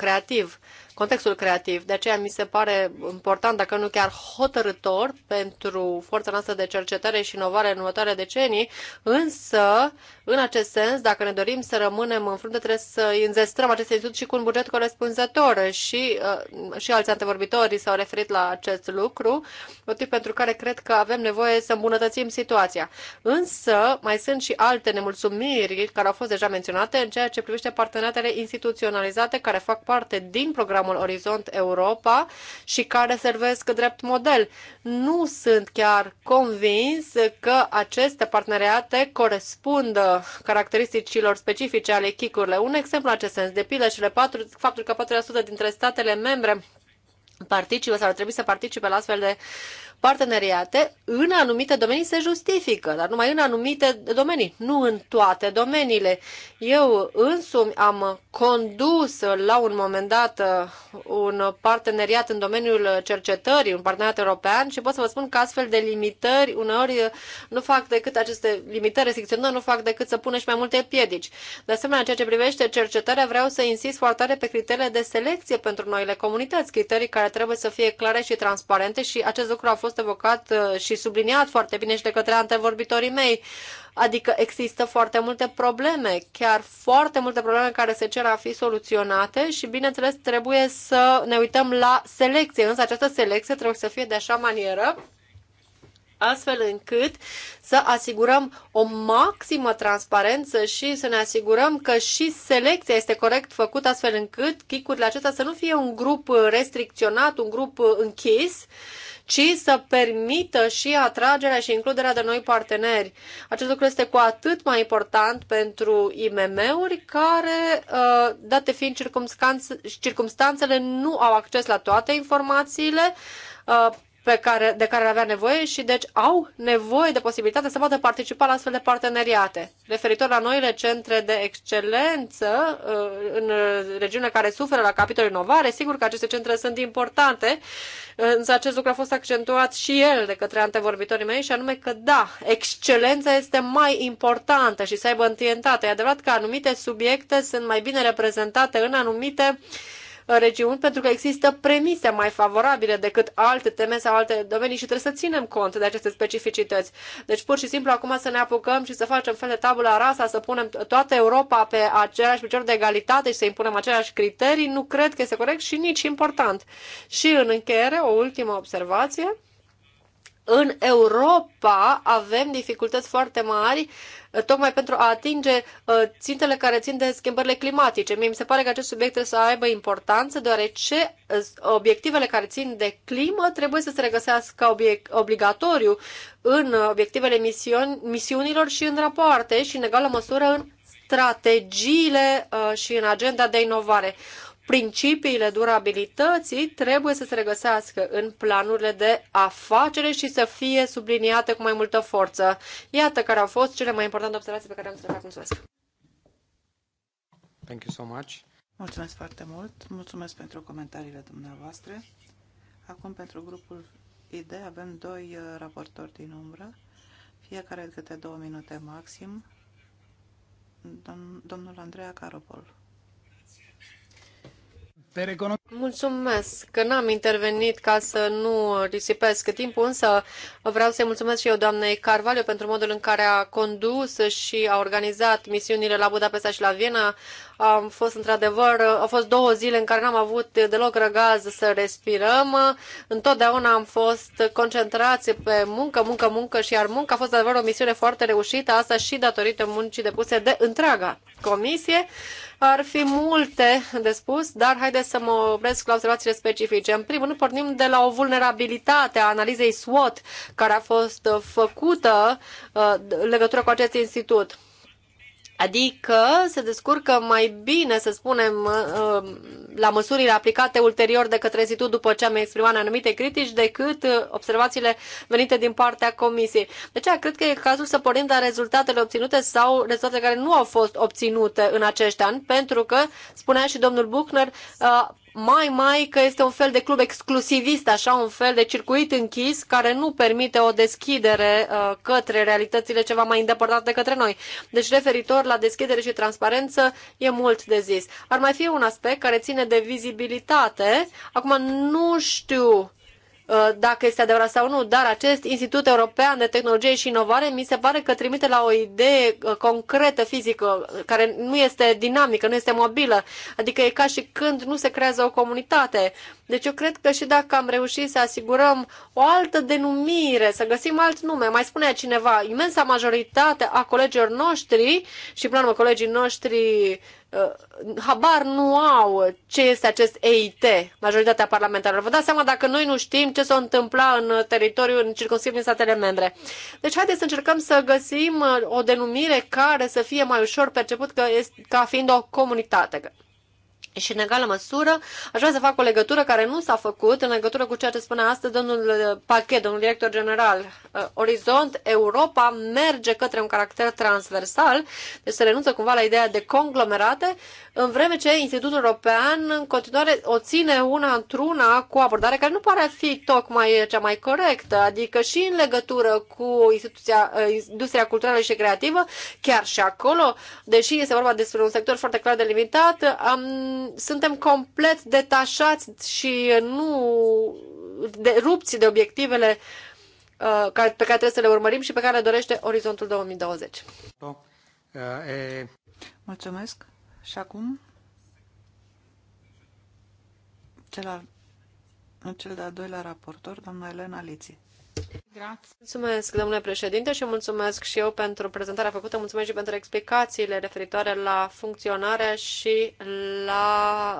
S1: creativ contextul creativ. De aceea mi se pare important, dacă nu chiar hotărător, pentru forța noastră de cercetare și inovare în următoare decenii, însă, în acest sens, dacă ne dorim să rămânem în frunte, trebuie să înzestrăm acest institut și cu un buget corespunzător și, uh, și alți antevorbitori s-au referit la acest lucru, motiv pentru care cred că avem nevoie să îmbunătățim situația. Însă, mai sunt și alte nemulțumiri care au fost deja menționate în ceea ce privește parteneriatele instituționalizate care fac parte din programul programul Orizont Europa și care servesc drept model. Nu sunt chiar convins că aceste parteneriate corespund caracteristicilor specifice ale chicurile. Un exemplu în acest sens, de pildă, cele faptul că 4% dintre statele membre participă sau ar trebui să participe la astfel de parteneriate, în anumite domenii se justifică, dar numai în anumite domenii, nu în toate domeniile. Eu însumi am condus la un moment dat un parteneriat în domeniul cercetării, un parteneriat european și pot să vă spun că astfel de limitări uneori nu fac decât aceste limitări restricționări, nu fac decât să pună și mai multe piedici. De asemenea, în ceea ce privește cercetarea, vreau să insist foarte tare pe criteriile de selecție pentru noile comunități, criterii care trebuie să fie clare și transparente și acest lucru a fost evocat uh, și subliniat foarte bine și de către antevorbitorii mei. Adică există foarte multe probleme, chiar foarte multe probleme care se cer a fi soluționate și, bineînțeles, trebuie să ne uităm la selecție. Însă această selecție trebuie să fie de așa manieră astfel încât să asigurăm o maximă transparență și să ne asigurăm că și selecția este corect făcută astfel încât chicurile acestea să nu fie un grup restricționat, un grup închis, ci să permită și atragerea și includerea de noi parteneri. Acest lucru este cu atât mai important pentru IMM-uri care, uh, date fiind circumstanțele, nu au acces la toate informațiile, uh, pe care, de care avea nevoie și deci au nevoie de posibilitatea să poată participa la astfel de parteneriate. Referitor la noile centre de excelență uh, în regiune care suferă la capitolul inovare, sigur că aceste centre sunt importante, uh, însă acest lucru a fost accentuat și el de către antevorbitorii mei și anume că da, excelența este mai importantă și să aibă întâientate. E adevărat că anumite subiecte sunt mai bine reprezentate în anumite uh, Uh, regiuni pentru că există premise mai favorabile decât alte teme sau alte domenii și trebuie să ținem cont de aceste specificități. Deci pur și simplu acum să ne apucăm și să facem fel de tabula rasa, să punem toată Europa pe același picior de egalitate și să impunem aceleași criterii, nu cred că este corect și nici important. Și în încheiere, o ultimă observație în Europa avem dificultăți foarte mari uh, tocmai pentru a atinge uh, țintele care țin de schimbările climatice. Mie mi se pare că acest subiect trebuie să aibă importanță, deoarece uh, obiectivele care țin de climă trebuie să se regăsească obligatoriu în obiectivele misiunilor și în rapoarte și, în egală măsură, în strategiile și în agenda de inovare principiile durabilității trebuie să se regăsească în planurile de afacere și să fie subliniate cu mai multă forță. Iată care au fost cele mai importante observații pe care am să le fac. Mulțumesc! Thank you so much.
S3: Mulțumesc foarte mult. Mulțumesc pentru comentariile dumneavoastră. Acum pentru grupul ID avem doi uh, raportori din umbră, fiecare câte două minute maxim. domnul Andreea Caropol.
S1: Mulțumesc că n-am intervenit ca să nu risipesc timpul, însă vreau să-i mulțumesc și eu doamnei Carvalho pentru modul în care a condus și a organizat misiunile la Budapesta și la Viena. Am fost într-adevăr, au fost două zile în care n-am avut deloc răgaz să respirăm. Întotdeauna am fost concentrați pe muncă, muncă, muncă și iar muncă a fost adevăr o misiune foarte reușită, asta și datorită muncii depuse de întreaga comisie. Ar fi multe de spus, dar haideți să mă opresc la observațiile specifice. În primul rând, pornim de la o vulnerabilitate a analizei SWOT care a fost făcută în uh, legătură cu acest institut. Adică se descurcă mai bine, să spunem, uh, la măsurile aplicate ulterior de către institut după ce am exprimat anumite critici, decât uh, observațiile venite din partea Comisiei. De deci, aceea cred că e cazul să pornim de la rezultatele obținute sau rezultatele care nu au fost obținute în acești ani, pentru că, spunea și domnul Buchner, uh, mai mai că este un fel de club exclusivist, așa un fel de circuit închis care nu permite o deschidere uh, către realitățile ceva mai îndepărtate către noi. Deci referitor la deschidere și transparență e mult de zis. Ar mai fi un aspect care ține de vizibilitate. Acum nu știu Uh, dacă este adevărat sau nu, dar acest Institut European de Tehnologie și Inovare mi se pare că trimite la o idee uh, concretă, fizică, care nu este dinamică, nu este mobilă, adică e ca și când nu se creează o comunitate. Deci eu cred că și dacă am reușit să asigurăm o altă denumire, să găsim alt nume, mai spunea cineva, imensa majoritate a colegilor noștri și, până la urmă, colegii noștri Uh, habar nu au ce este acest EIT, majoritatea parlamentarilor. Vă dați seama dacă noi nu știm ce s-a întâmplat în teritoriul, în circunscripții statele membre. Deci haideți să încercăm să găsim uh, o denumire care să fie mai ușor perceput că este, ca fiind o comunitate. Și în egală măsură, aș vrea să fac o legătură care nu s-a făcut în legătură cu ceea ce spune astăzi domnul uh, Pachet, domnul director general. Uh, Orizont Europa merge către un caracter transversal, deci se renunță cumva la ideea de conglomerate, în vreme ce Institutul European în continuare o ține una într-una cu o abordare care nu pare a fi tocmai cea mai corectă, adică și în legătură cu instituția, uh, industria culturală și creativă, chiar și acolo, deși este vorba despre un sector foarte clar delimitat, am suntem complet detașați și nu de, rupți de obiectivele uh, pe care trebuie să le urmărim și pe care le dorește Orizontul 2020.
S3: Uh, Mulțumesc. Și acum cel, al, cel de-al doilea raportor, doamna Elena Liții.
S1: Mulțumesc, domnule președinte, și mulțumesc și eu pentru prezentarea făcută. Mulțumesc și pentru explicațiile referitoare la funcționarea și la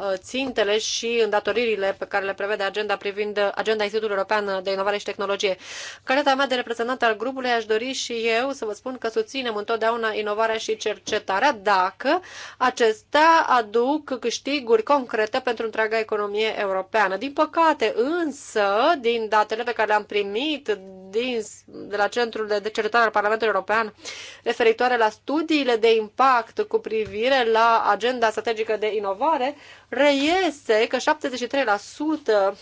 S1: uh, țintele și îndatoririle pe care le prevede agenda privind agenda Institutului European de Inovare și Tehnologie. Calitatea mea de reprezentant al grupului aș dori și eu să vă spun că susținem întotdeauna inovarea și cercetarea dacă acestea aduc câștiguri concrete pentru întreaga economie europeană. Din păcate, însă, din datele pe care le-am primit din, de la Centrul de Cercetare al Parlamentului European referitoare la studiile de impact cu privire la agenda strategică de inovare, reiese că 73%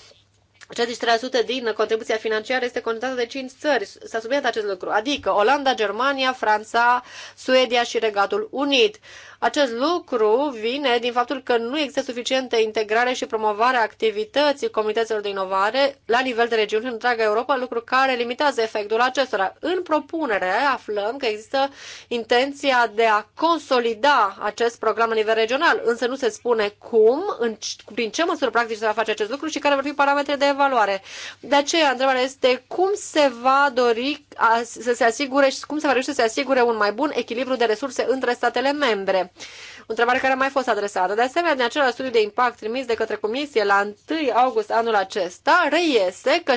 S1: 60% din contribuția financiară este concentrată de 5 țări. S-a subliniat acest lucru, adică Olanda, Germania, Franța, Suedia și Regatul Unit. Acest lucru vine din faptul că nu există suficientă integrare și promovare a activității comunităților de inovare la nivel de regiuni în întreaga Europa, lucru care limitează efectul acestora. În propunere aflăm că există intenția de a consolida acest program la nivel regional, însă nu se spune cum, în, prin ce măsură practic se va face acest lucru și care vor fi parametrii de valoare. De aceea, întrebarea este cum se va dori să se asigure și cum se va reuși să se asigure un mai bun echilibru de resurse între statele membre. O întrebare care a mai fost adresată. De asemenea, din același studiu de impact trimis de către Comisie la 1 august anul acesta, reiese că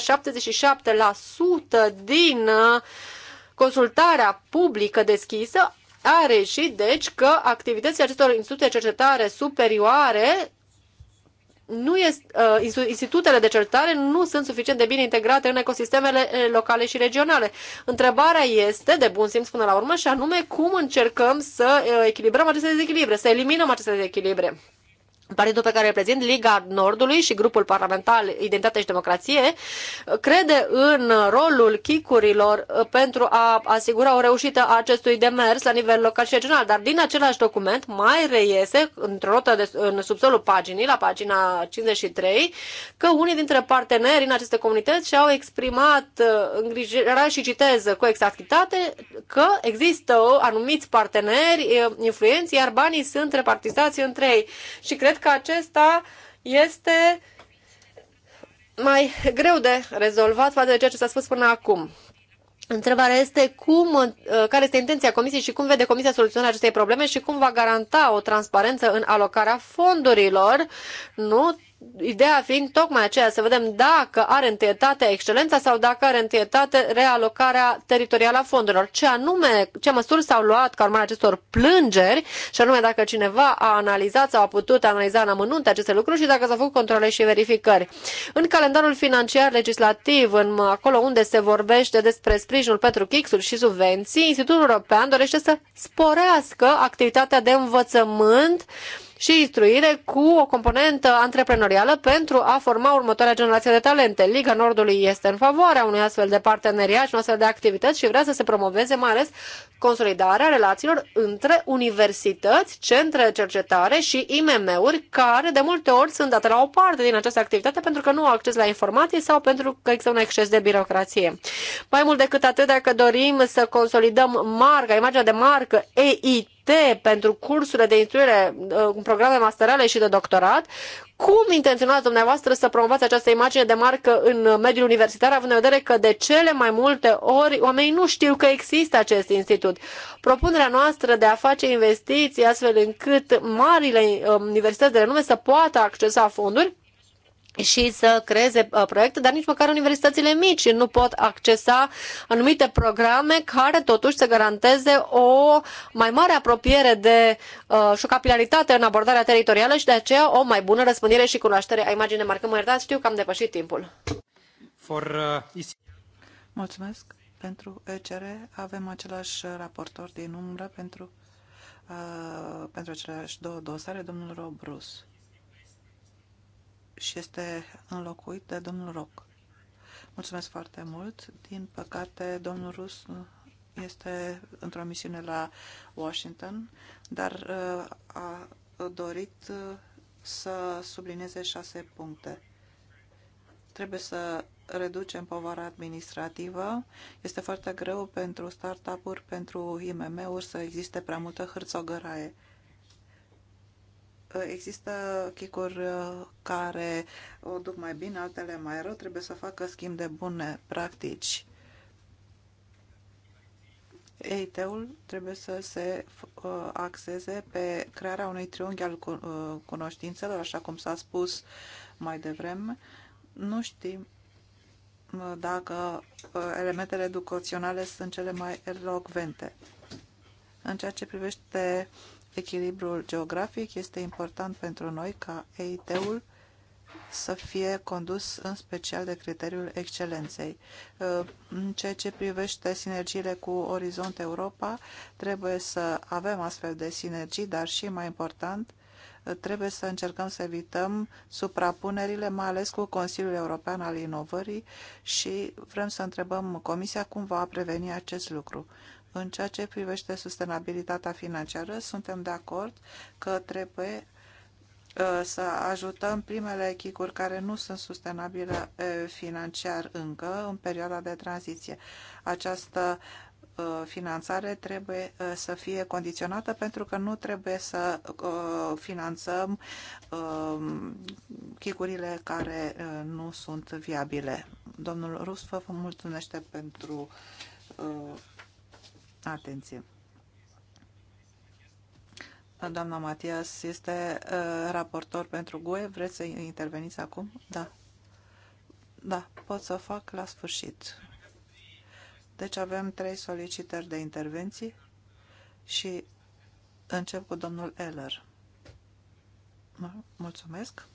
S1: 77% din uh, consultarea publică deschisă a reșit, deci, că activitățile acestor institute de cercetare superioare nu este, uh, institutele de cercetare nu sunt suficient de bine integrate în ecosistemele uh, locale și regionale. Întrebarea este, de bun simț până la urmă, și anume cum încercăm să uh, echilibrăm aceste dezechilibre, să eliminăm aceste dezechilibre. Partidul pe care îl reprezint, Liga Nordului și grupul parlamentar Identitate și Democrație, crede în rolul chicurilor uh, pentru a asigura o reușită a acestui demers la nivel local și regional. Dar din același document mai reiese, într-o notă de, în subsolul paginii, la pagina 53, că unii dintre partenerii în aceste comunități și-au exprimat uh, îngrijirea și citez cu exactitate că există uh, anumiți parteneri influenți, iar banii sunt repartizați între ei. Și cred că acesta este mai greu de rezolvat față de ceea ce s-a spus până acum. Întrebarea este cum, uh, care este intenția Comisiei și cum vede Comisia soluționarea acestei probleme și cum va garanta o transparență în alocarea fondurilor. Nu Ideea fiind tocmai aceea, să vedem dacă are întâietate excelența sau dacă are întâietate realocarea teritorială a fondurilor. Ce anume, ce măsuri s-au luat ca urmare acestor plângeri și anume dacă cineva a analizat sau a putut analiza în amănunte aceste lucruri și dacă s-au făcut controle și verificări. În calendarul financiar legislativ, în, acolo unde se vorbește despre sprijinul pentru chixuri și subvenții, Institutul European dorește să sporească activitatea de învățământ și instruire cu o componentă antreprenorială pentru a forma următoarea generație de talente. Liga Nordului este în favoarea unui astfel de parteneriat și unui astfel de activități și vrea să se promoveze mai ales consolidarea relațiilor între universități, centre de cercetare și IMM-uri care de multe ori sunt date la o parte din această activitate pentru că nu au acces la informații sau pentru că există un exces de birocrație. Mai mult decât atât, dacă dorim să consolidăm marca, imaginea de marcă EIT, de, pentru cursurile de instruire uh, în programe masterale și de doctorat. Cum intenționați dumneavoastră să promovați această imagine de marcă în mediul universitar, având în vedere că de cele mai multe ori oamenii nu știu că există acest institut? Propunerea noastră de a face investiții astfel încât marile uh, universități de renume să poată accesa fonduri și să creeze uh, proiecte, dar nici măcar universitățile mici nu pot accesa anumite programe care totuși să garanteze o mai mare apropiere de uh, și o capilaritate în abordarea teritorială și de aceea o mai bună răspândire și cunoaștere a imaginei marcă. Mă iertați, știu că am depășit timpul.
S3: For, uh... Mulțumesc. Pentru ECR avem același raportor din umbră pentru, uh, pentru aceleași două dosare, domnul Robrus și este înlocuit de domnul Roc. Mulțumesc foarte mult. Din păcate, domnul Rus este într-o misiune la Washington, dar uh, a dorit uh, să sublinieze șase puncte. Trebuie să reducem povara administrativă. Este foarte greu pentru startup-uri, pentru IMM-uri să existe prea multă hârțogăraie Uh, există chicuri uh, care o duc mai bine, altele mai rău, trebuie să facă schimb de bune practici. EIT-ul trebuie să se uh, axeze pe crearea unui triunghi al cunoștințelor, așa cum s-a spus mai devreme. Nu știm dacă elementele educaționale sunt cele mai elocvente. În ceea ce privește Echilibrul geografic este important pentru noi ca EIT-ul să fie condus în special de criteriul excelenței. Uh, în ceea ce privește sinergiile cu Orizont Europa, trebuie să avem astfel de sinergii, dar și mai important, uh, trebuie să încercăm să evităm suprapunerile, mai ales cu Consiliul European al Inovării și vrem să întrebăm Comisia cum va preveni acest lucru. În ceea ce privește sustenabilitatea financiară, suntem de acord că trebuie uh, să ajutăm primele echicuri care nu sunt sustenabile uh, financiar încă în perioada de tranziție. Această uh, finanțare trebuie să fie condiționată pentru că nu trebuie să finanțăm um, chicurile care nu sunt viabile. Domnul Rus vă mulțumește pentru atenție. Da, doamna Matias este uh, raportor pentru GUE. Vreți să interveniți acum? Da. Da, pot să fac la sfârșit. Deci avem trei solicitări de intervenții și încep cu domnul Eller. Mulțumesc.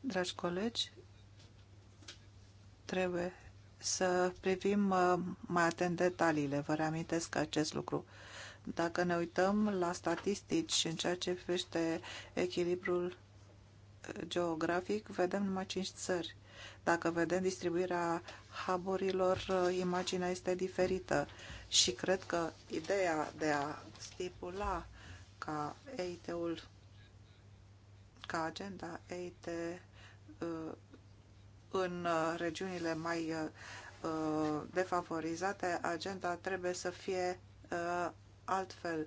S3: Dragi colegi, trebuie să privim uh, mai atent detaliile. Vă reamintesc acest lucru. Dacă ne uităm la statistici în ceea ce privește echilibrul uh, geografic, vedem numai 5 țări. Dacă vedem distribuirea haburilor, uh, imaginea este diferită și cred că ideea de a stipula ca EIT-ul, ca agenda EIT în uh, regiunile mai uh, uh, defavorizate, agenda trebuie să fie altfel.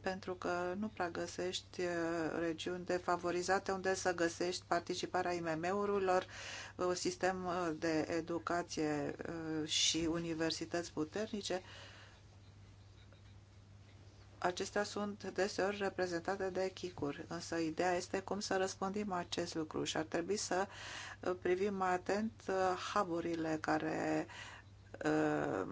S3: pentru că nu prea găsești regiuni defavorizate unde să găsești participarea IMM-urilor, un sistem de educație și universități puternice acestea sunt deseori reprezentate de chicuri, însă ideea este cum să răspândim acest lucru și ar trebui să uh, privim mai atent uh, haburile care uh,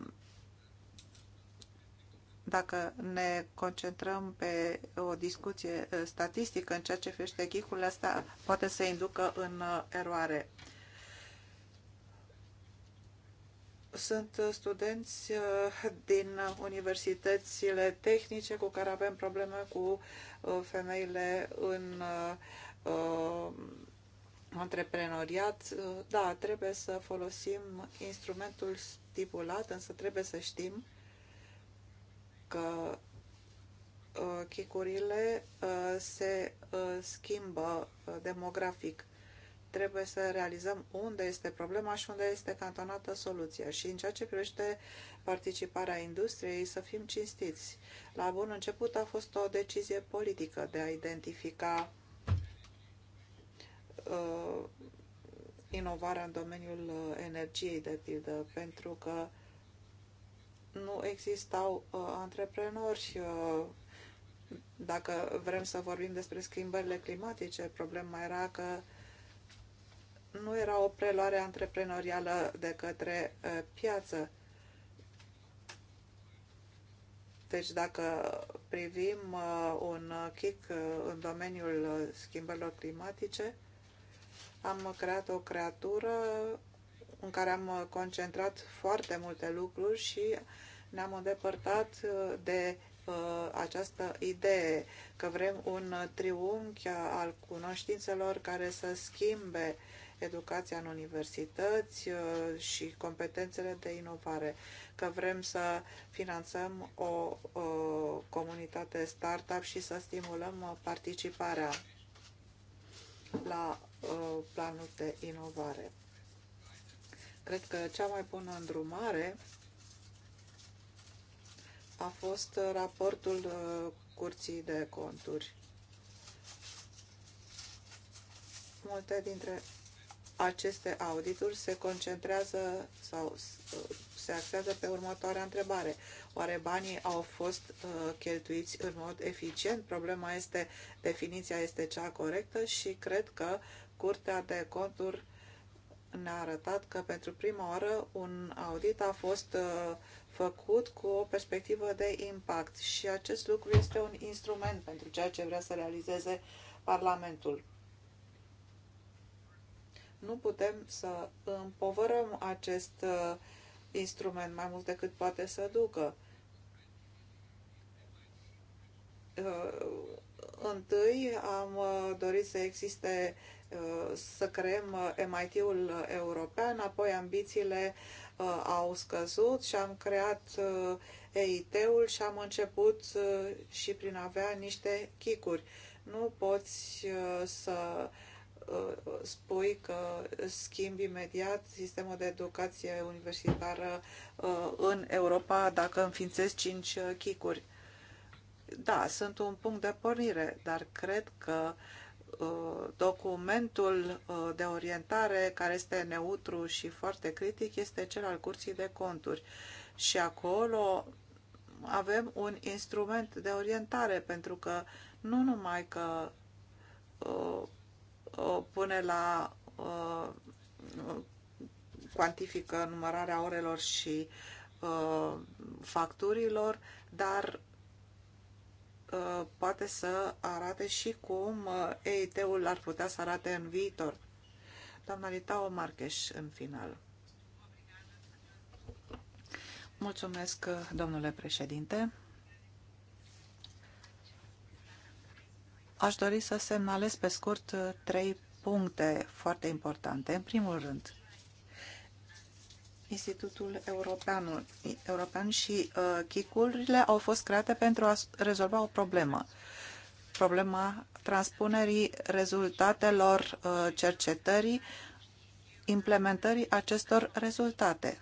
S3: dacă ne concentrăm pe o discuție statistică în ceea ce fiește chicurile, asta poate să inducă în eroare. sunt uh, studenți uh, din universitățile tehnice cu care avem probleme cu uh, femeile în antreprenoriat. Da, trebuie să folosim instrumentul stipulat, însă trebuie să știm că chicurile se schimbă demografic trebuie să realizăm unde este problema și unde este cantonată soluția. Și în ceea ce privește participarea industriei, să fim cinstiți. La bun început a fost o decizie politică de a identifica uh, inovarea în domeniul uh, energiei, de pildă, pentru că nu existau uh, antreprenori uh, dacă vrem să vorbim despre schimbările climatice, problema era că nu era o preluare antreprenorială de către uh, piață. Deci dacă privim uh, un kick uh, în domeniul schimbărilor climatice, am creat o creatură în care am concentrat foarte multe lucruri și ne-am îndepărtat de această idee că vrem un triunghi al cunoștințelor care să schimbe uh, educația în universități uh, și competențele de inovare, că vrem să finanțăm o, o uh, comunitate startup și să stimulăm uh, participarea la planul de inovare. Cred că cea mai bună îndrumare a fost raportul Curții de Conturi. Multe dintre aceste audituri se concentrează sau se axează pe următoarea întrebare. Oare banii au fost uh, cheltuiți în mod eficient? Problema este, definiția este cea corectă și cred că Curtea de Conturi ne-a arătat că pentru prima oară un audit a fost uh, făcut cu o perspectivă de impact și acest lucru este un instrument pentru ceea ce vrea să realizeze Parlamentul. Nu putem să împovărăm acest uh, instrument mai mult decât poate să ducă. Uh, întâi am uh, dorit să existe, să creăm MIT-ul european, apoi ambițiile au scăzut și am creat EIT-ul și am început și prin a avea niște chicuri. Nu poți să spui că schimbi imediat sistemul de educație universitară uh, în Europa dacă înființezi cinci uh, chicuri. Da, sunt un punct de pornire, dar cred că uh, documentul de orientare care este neutru și foarte critic este cel al Curții de Conturi. Și acolo avem un instrument de orientare pentru că nu numai că pune la cuantifică numărarea orelor și facturilor, dar poate să arate și cum EIT-ul ar putea să arate în viitor. Doamna Litao Marcheș, în final. Mulțumesc, domnule președinte. Aș dori să semnalez pe scurt uh, trei puncte foarte importante. În primul rând, Institutul European, European și uh, chicurile au fost create pentru a rezolva o problemă. Problema transpunerii rezultatelor uh, cercetării, implementării acestor rezultate.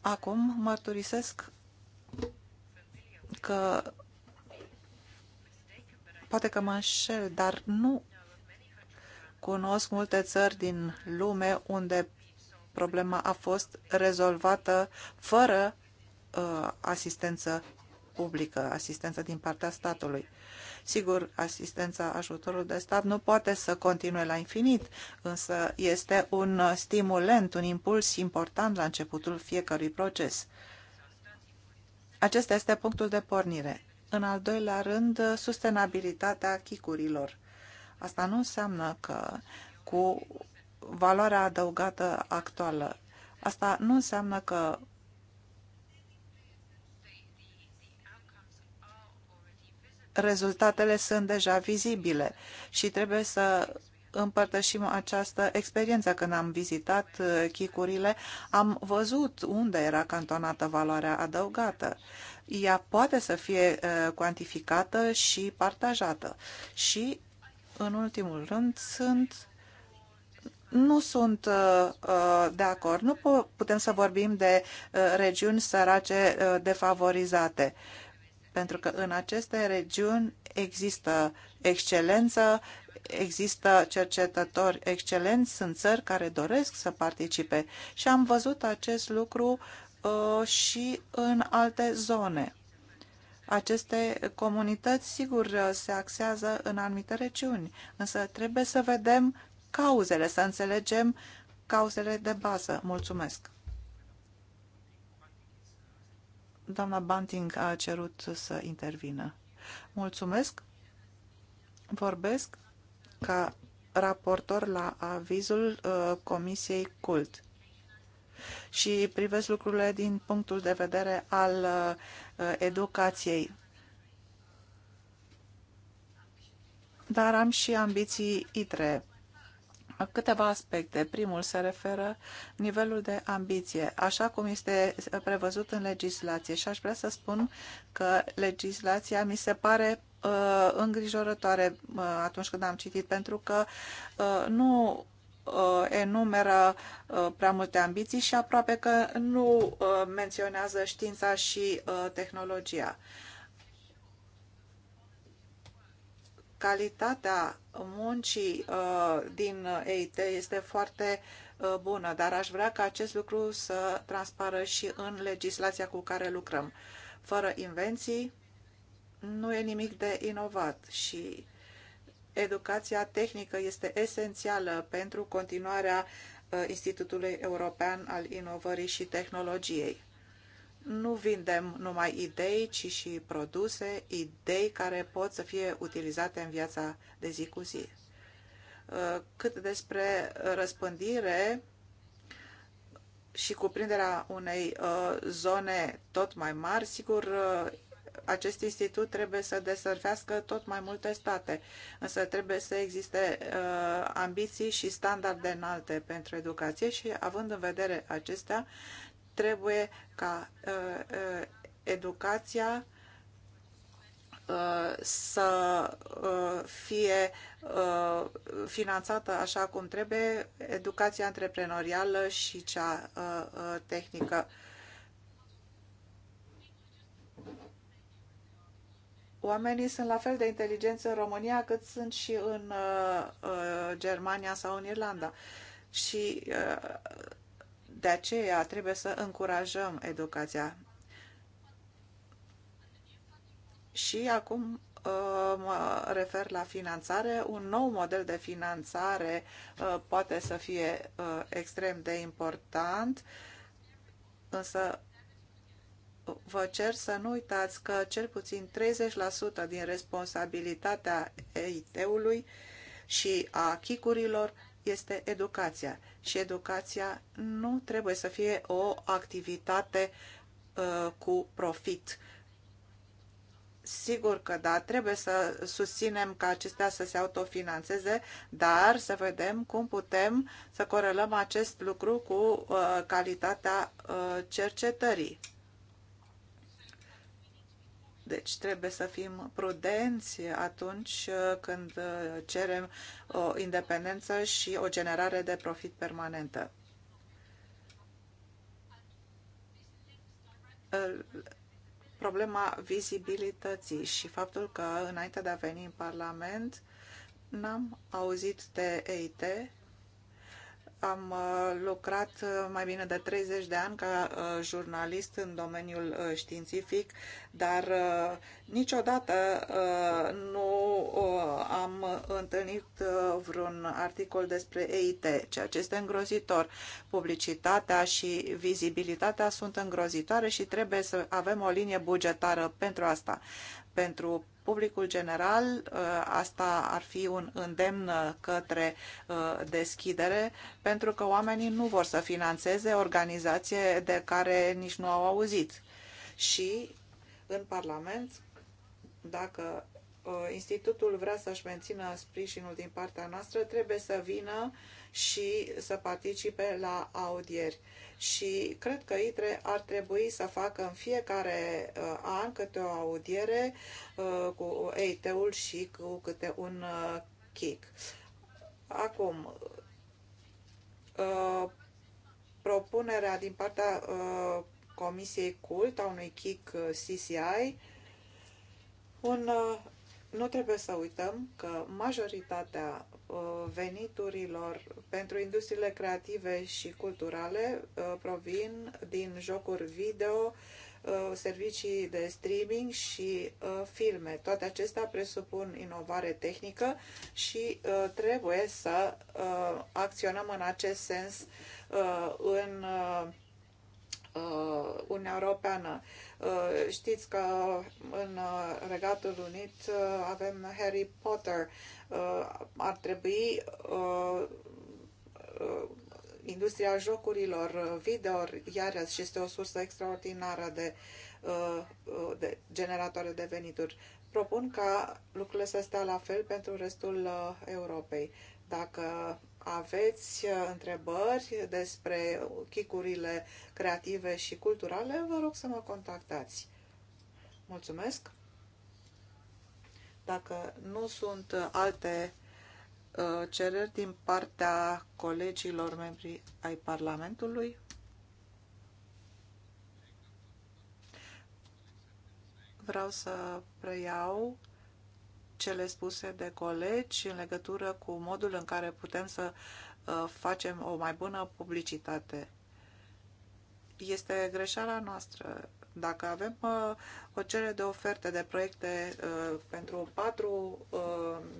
S3: Acum mărturisesc că Poate că mă înșel, dar nu cunosc multe țări din lume unde problema a fost rezolvată fără uh, asistență publică, asistență din partea statului. Sigur, asistența, ajutorul de stat nu poate să continue la infinit, însă este un stimulent, un impuls important la începutul fiecărui proces. Acesta este punctul de pornire. În al doilea rând, sustenabilitatea chicurilor. Asta nu înseamnă că cu valoarea adăugată actuală, asta nu înseamnă că rezultatele sunt deja vizibile și trebuie să împărtășim această experiență. Când am vizitat uh, chicurile, am văzut unde era cantonată valoarea adăugată ea poate să fie uh, cuantificată și partajată. Și, în ultimul rând, sunt nu sunt uh, uh de acord. Nu putem să vorbim de uh, regiuni sărace uh, defavorizate, pentru că în aceste regiuni există excelență, există cercetători excelenți, sunt țări care doresc să participe și am văzut acest lucru Uh, și în alte zone. Aceste comunități, sigur, se axează în anumite regiuni, însă trebuie să vedem cauzele, să înțelegem cauzele de bază. Mulțumesc! Doamna Banting a cerut să intervină. Mulțumesc! Vorbesc ca raportor la avizul uh, Comisiei CULT și privesc lucrurile din punctul de vedere al uh, educației. Dar am și ambiții ITRE. Câteva aspecte. Primul se referă nivelul de ambiție, așa cum este prevăzut în legislație. Și aș vrea să spun că legislația mi se pare uh, îngrijorătoare uh, atunci când am citit, pentru că uh, nu Uh, enumeră uh, prea multe ambiții și aproape că nu uh, menționează știința și tehnologia. Calitatea muncii din EIT este foarte bună, dar aș vrea ca acest lucru să transpară și în legislația cu care lucrăm. Fără invenții, nu e nimic de inovat și educația tehnică este esențială pentru continuarea uh, Institutului European al Inovării și Tehnologiei. Nu vindem numai idei, ci și produse, idei care pot să fie utilizate în viața de zi cu zi. Uh, cât despre răspândire și cuprinderea unei uh, zone tot mai mari, sigur, acest institut trebuie să deservească tot mai multe state, însă trebuie să existe uh, ambiții și standarde înalte pentru educație și, având în vedere acestea, trebuie ca uh, uh, educația uh, să uh, fie uh, finanțată așa cum trebuie educația antreprenorială și cea tehnică. Oamenii sunt la fel de inteligenți în România cât sunt și în uh, uh, Germania sau în Irlanda. Și uh, de aceea trebuie să încurajăm educația. Și acum uh, mă refer la finanțare, un nou model de finanțare uh, poate să fie extrem de important, însă vă cer să nu uitați că cel puțin 30% din responsabilitatea EIT-ului și a chicurilor este educația. Și educația nu trebuie să fie o activitate uh, cu profit. Sigur că da, trebuie să susținem ca acestea să se autofinanțeze, dar să vedem cum putem să corelăm acest lucru cu uh, calitatea uh, cercetării. Deci trebuie să fim prudenți atunci uh, când uh, cerem o uh, independență și o generare de profit permanentă. Problema vizibilității și faptul că înainte de a veni în Parlament n-am auzit de EIT am uh, lucrat uh, mai bine de 30 de ani ca uh, jurnalist în domeniul științific, dar niciodată nu am întâlnit vreun articol despre EIT, ceea ce este îngrozitor. Publicitatea și vizibilitatea sunt îngrozitoare și trebuie să avem o linie bugetară pentru asta pentru publicul general, uh, asta ar fi un îndemn către uh, deschidere, pentru că oamenii nu vor să financeze organizație de care nici nu au auzit. Și în Parlament, dacă uh, institutul vrea să-și mențină sprijinul din partea noastră, trebuie să vină uh, și să participe la audieri. Și cred că ITRE ar trebui să facă în fiecare uh, an câte o audiere uh, cu EIT-ul și cu câte un uh, kick. Acum, propunerea din partea Comisiei CULT a unui kick CCI, un, nu trebuie să uităm că majoritatea Uh, veniturilor pentru industriile creative și culturale uh, provin din jocuri video, uh, servicii de streaming și filme. Toate acestea presupun inovare tehnică și trebuie să acționăm în acest sens în uh, Uniunea Europeană. Uh, știți că în uh, Regatul Unit uh, avem Harry Potter. Uh, ar trebui uh, uh, industria jocurilor uh, video, iarăși este o sursă extraordinară de, uh, uh, de generatoare de venituri. Propun ca lucrurile să stea la fel pentru restul Europei. Dacă aveți uh, întrebări despre chicurile creative și culturale, vă rog să mă contactați. Mulțumesc! Dacă nu sunt alte uh, cereri din partea colegilor membri ai Parlamentului, vreau să preiau cele spuse de colegi în legătură cu modul în care putem să uh, facem o mai bună publicitate. Este greșeala noastră. Dacă avem uh, o cerere de oferte de proiecte uh, pentru 4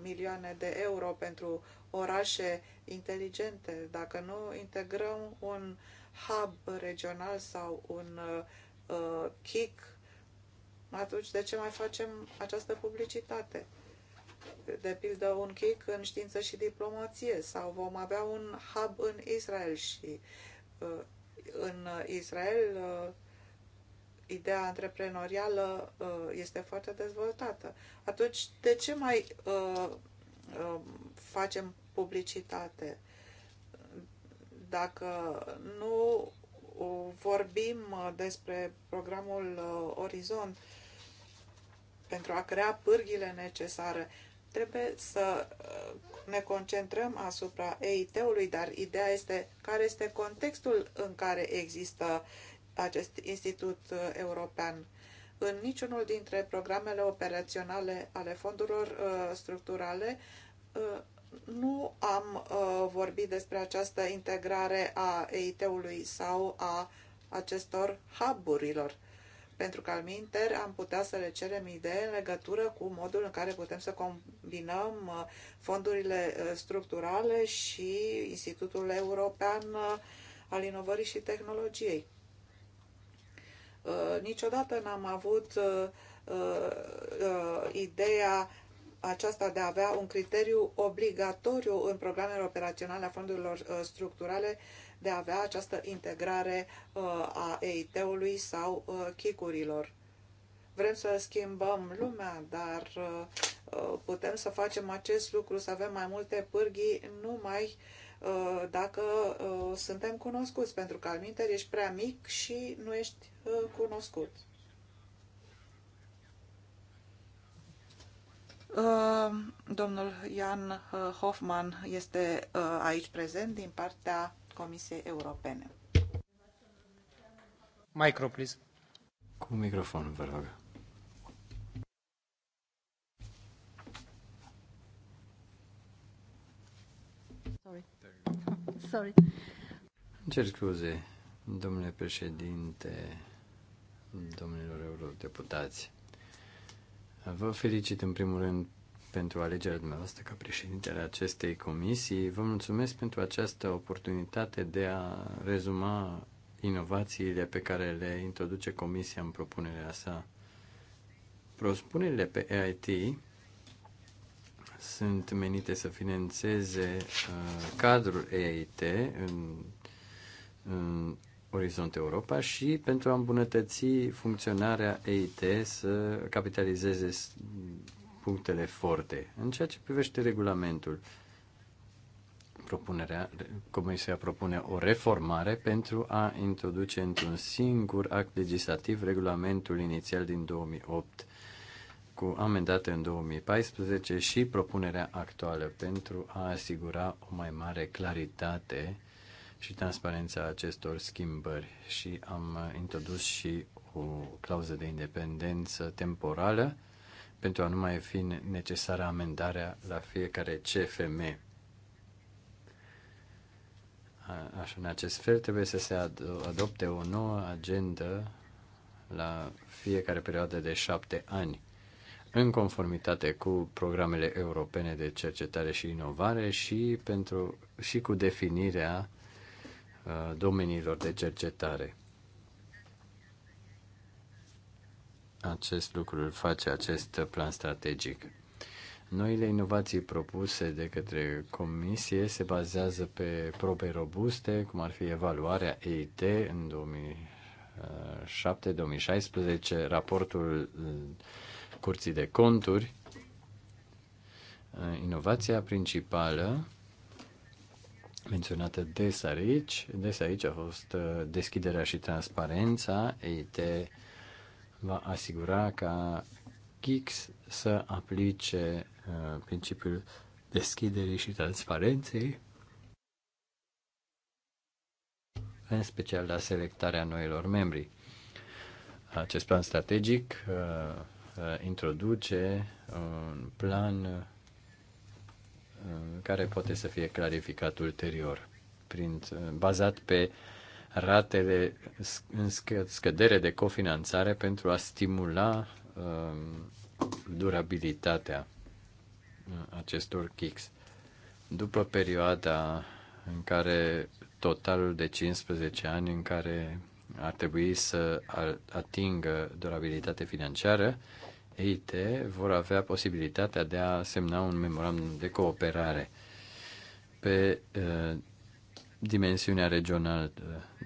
S3: milioane de euro pentru orașe inteligente, dacă nu integrăm un hub regional sau un uh, kick, atunci de ce mai facem această publicitate? de pildă un chic în știință și diplomație sau vom avea un hub în Israel și uh, în Israel uh, ideea antreprenorială uh, este foarte dezvoltată. Atunci, de ce mai facem publicitate? Dacă nu vorbim despre programul Orizont pentru a crea pârghile necesare, Trebuie să uh, ne concentrăm asupra EIT-ului, dar ideea este care este contextul în care există acest institut uh, european. În niciunul dintre programele operaționale ale fondurilor uh, structurale nu am vorbit despre această integrare a EIT-ului sau a acestor hub-urilor pentru că al minter am putea să le cerem idei în legătură cu modul în care putem să combinăm uh, fondurile uh, structurale și Institutul European uh, al Inovării și Tehnologiei. Niciodată n-am avut ideea aceasta de a avea un criteriu obligatoriu în programele operaționale a fondurilor structurale de a avea această integrare uh, a EIT-ului sau chicurilor. Uh, Vrem să schimbăm lumea, dar uh, putem să facem acest lucru, să avem mai multe pârghii numai dacă suntem cunoscuți, pentru că alminter ești prea mic și nu ești cunoscut. Domnul Jan Hoffman este aici prezent din partea Comisiei Europene.
S2: Micro, please. Cu microfon, vă rog. Sorry. Sorry. scuze, domnule președinte, domnilor eurodeputați. Vă felicit în primul rând pentru alegerea dumneavoastră ca președintele acestei comisii. Vă mulțumesc pentru această oportunitate de a rezuma inovațiile pe care le introduce comisia în propunerea sa. Propunerile pe EIT sunt menite să financeze uh, cadrul EIT în, în Orizont Europa și pentru a îmbunătăți funcționarea EIT să capitalizeze punctele forte. În ceea ce privește regulamentul, propunerea, Comisia propune o reformare pentru a introduce într-un singur act legislativ regulamentul inițial din 2008 cu amendată în 2014 și propunerea actuală pentru a asigura o mai mare claritate și transparența acestor schimbări și am introdus și o clauză de independență temporală pentru a nu mai fi necesară amendarea la fiecare CFM. Așa, în acest fel trebuie să se adopte o nouă agendă la fiecare perioadă de șapte ani, în conformitate cu programele europene de cercetare și inovare și, pentru, și cu definirea uh, domeniilor de cercetare. acest lucru îl face acest plan strategic. Noile inovații propuse de către Comisie se bazează pe probe robuste, cum ar fi evaluarea EIT în 2007-2016, raportul uh, Curții de Conturi. Uh, inovația principală menționată des aici, des aici a fost uh, deschiderea și transparența. EIT va asigura ca kix să aplice uh, principiul deschiderii și transparenței, în special la selectarea noilor membri. Acest plan strategic uh, uh, introduce un plan care poate să fie clarificat ulterior, prin, bazat pe uh, ratele în scădere de cofinanțare pentru a stimula um, durabilitatea uh, acestor kicks. După perioada în care totalul de 15 ani în care ar trebui să atingă durabilitate financiară, EIT vor avea posibilitatea de a semna un memorandum de cooperare. Pe uh, dimensiunea regională.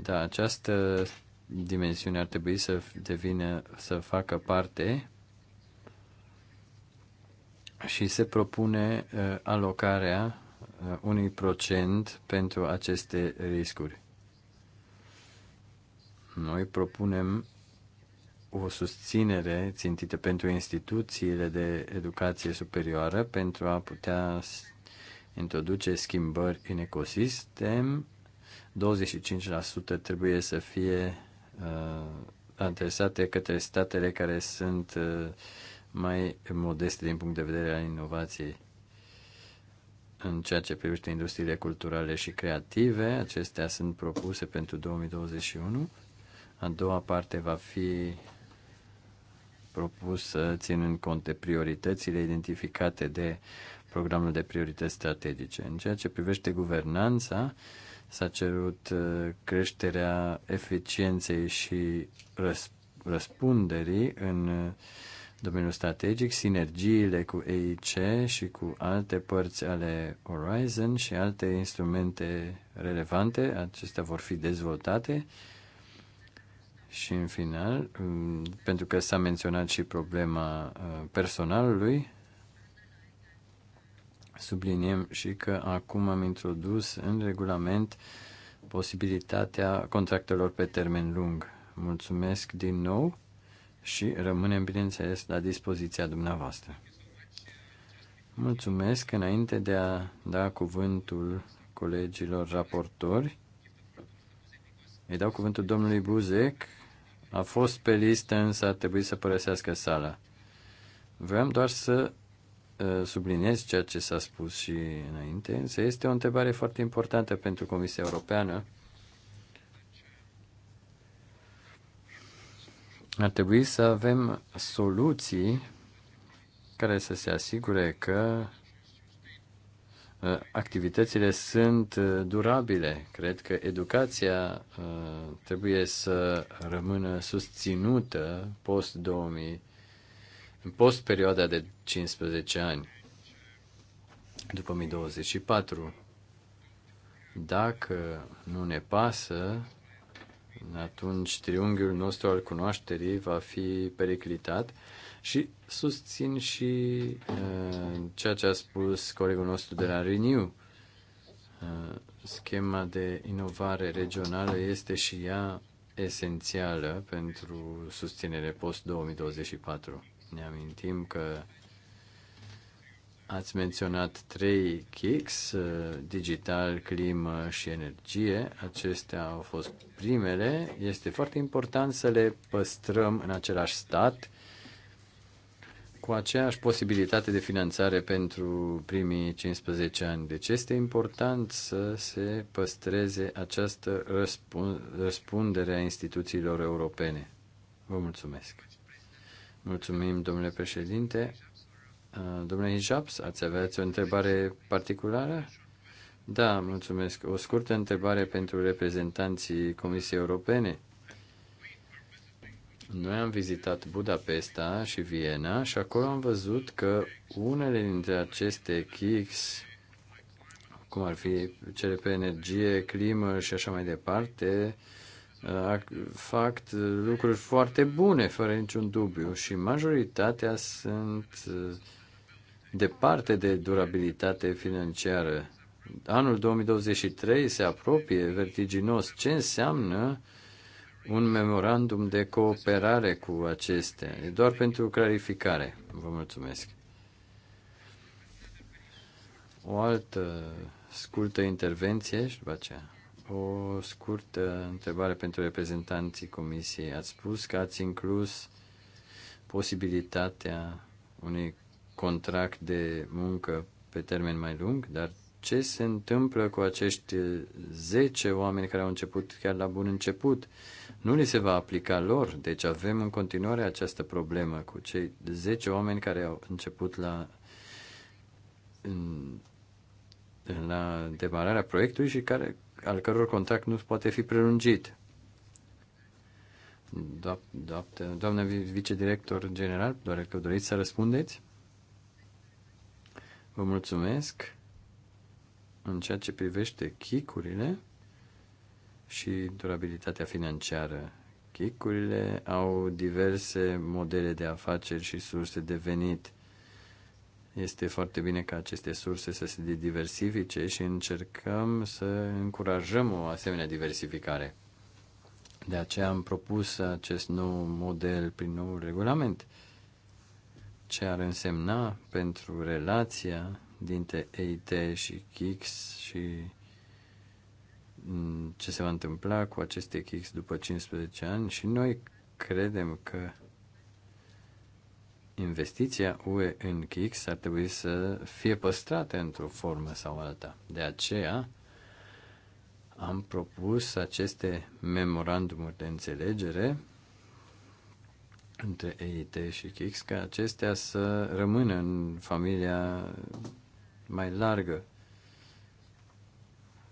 S2: Da, această dimensiune ar trebui să devină, să facă parte și se propune uh, alocarea uh, unui procent pentru aceste riscuri. Noi propunem o susținere țintită pentru instituțiile de educație superioară pentru a putea introduce schimbări în ecosistem, 25% trebuie să fie uh, adresate către statele care sunt uh, mai modeste din punct de vedere al inovației. În ceea ce privește industriile culturale și creative, acestea sunt propuse pentru 2021. A doua parte va fi propusă ținând cont de prioritățile identificate de programul de priorități strategice. În ceea ce privește guvernanța, s-a cerut uh, creșterea eficienței și răspunderii în uh, domeniul strategic, sinergiile cu EIC și cu alte părți ale Horizon și alte instrumente relevante. Acestea vor fi dezvoltate. Și în final, um, pentru că s-a menționat și problema uh, personalului, subliniem și că acum am introdus în regulament posibilitatea contractelor pe termen lung. Mulțumesc din nou și rămânem, bineînțeles, la dispoziția dumneavoastră. Mulțumesc. Înainte de a da cuvântul colegilor raportori, îi dau cuvântul domnului Buzec. A fost pe listă, însă a trebuit să părăsească sala. Vreau doar să Eh, subliniez ceea ce s-a spus și înainte, însă este o întrebare foarte importantă pentru Comisia Europeană. Ar trebui să avem soluții care să se asigure că eh, activitățile sunt eh, durabile. Cred că educația trebuie să rămână susținută post 2000 în post perioada de 15 ani, după 2024. Dacă nu ne pasă, atunci triunghiul nostru al cunoașterii va fi periclitat și susțin și uh, ceea ce a spus colegul nostru de la Renew. Uh, schema de inovare regională este și ea esențială pentru susținere post-2024. Ne amintim că ați menționat trei kicks, uh, digital, climă și energie. Acestea au fost primele. Este foarte important să le păstrăm în același stat cu aceeași posibilitate de finanțare pentru primii 15 ani. Deci este important să se păstreze această răspundere a instituțiilor europene. Vă mulțumesc! Mulțumim, domnule președinte. Uh, domnule Hijaps, ați avea o întrebare particulară? Da, mulțumesc. O scurtă întrebare pentru reprezentanții Comisiei Europene. Noi am vizitat Budapesta și Viena și acolo am văzut că unele dintre aceste KICS, cum ar fi cele pe energie, climă și așa mai departe, uh, fac lucruri foarte bune, fără niciun dubiu, și majoritatea sunt uh, departe de durabilitate financiară. Anul 2023 se apropie vertiginos. Ce înseamnă un memorandum de cooperare cu acestea? E doar pentru clarificare. Vă mulțumesc. O altă scurtă intervenție și după aceea. O scurtă întrebare pentru reprezentanții Comisiei. Ați spus că ați inclus posibilitatea unui contract de muncă pe termen mai lung, dar ce se întâmplă cu acești 10 oameni care au început chiar la bun început? Nu li se va aplica lor, deci avem în continuare această problemă cu cei 10 oameni care au început la în, la demararea proiectului și care al căror contract nu poate fi prelungit. Do do doamna vicedirector general, doar că doriți să răspundeți? Vă mulțumesc în ceea ce privește chicurile și durabilitatea financiară. Chicurile au diverse modele de afaceri și surse de venit. Este foarte bine ca aceste surse să se diversifice și încercăm să încurajăm o asemenea diversificare. De aceea am propus acest nou model prin nou regulament, ce ar însemna pentru relația dintre EIT și KIX și mm, ce se va întâmpla cu aceste KIX după 15 ani și noi credem că investiția UE în KIX ar trebui să fie păstrată într-o formă sau alta. De aceea am propus aceste memorandumuri de înțelegere între EIT și KIX ca acestea să rămână în familia mai largă.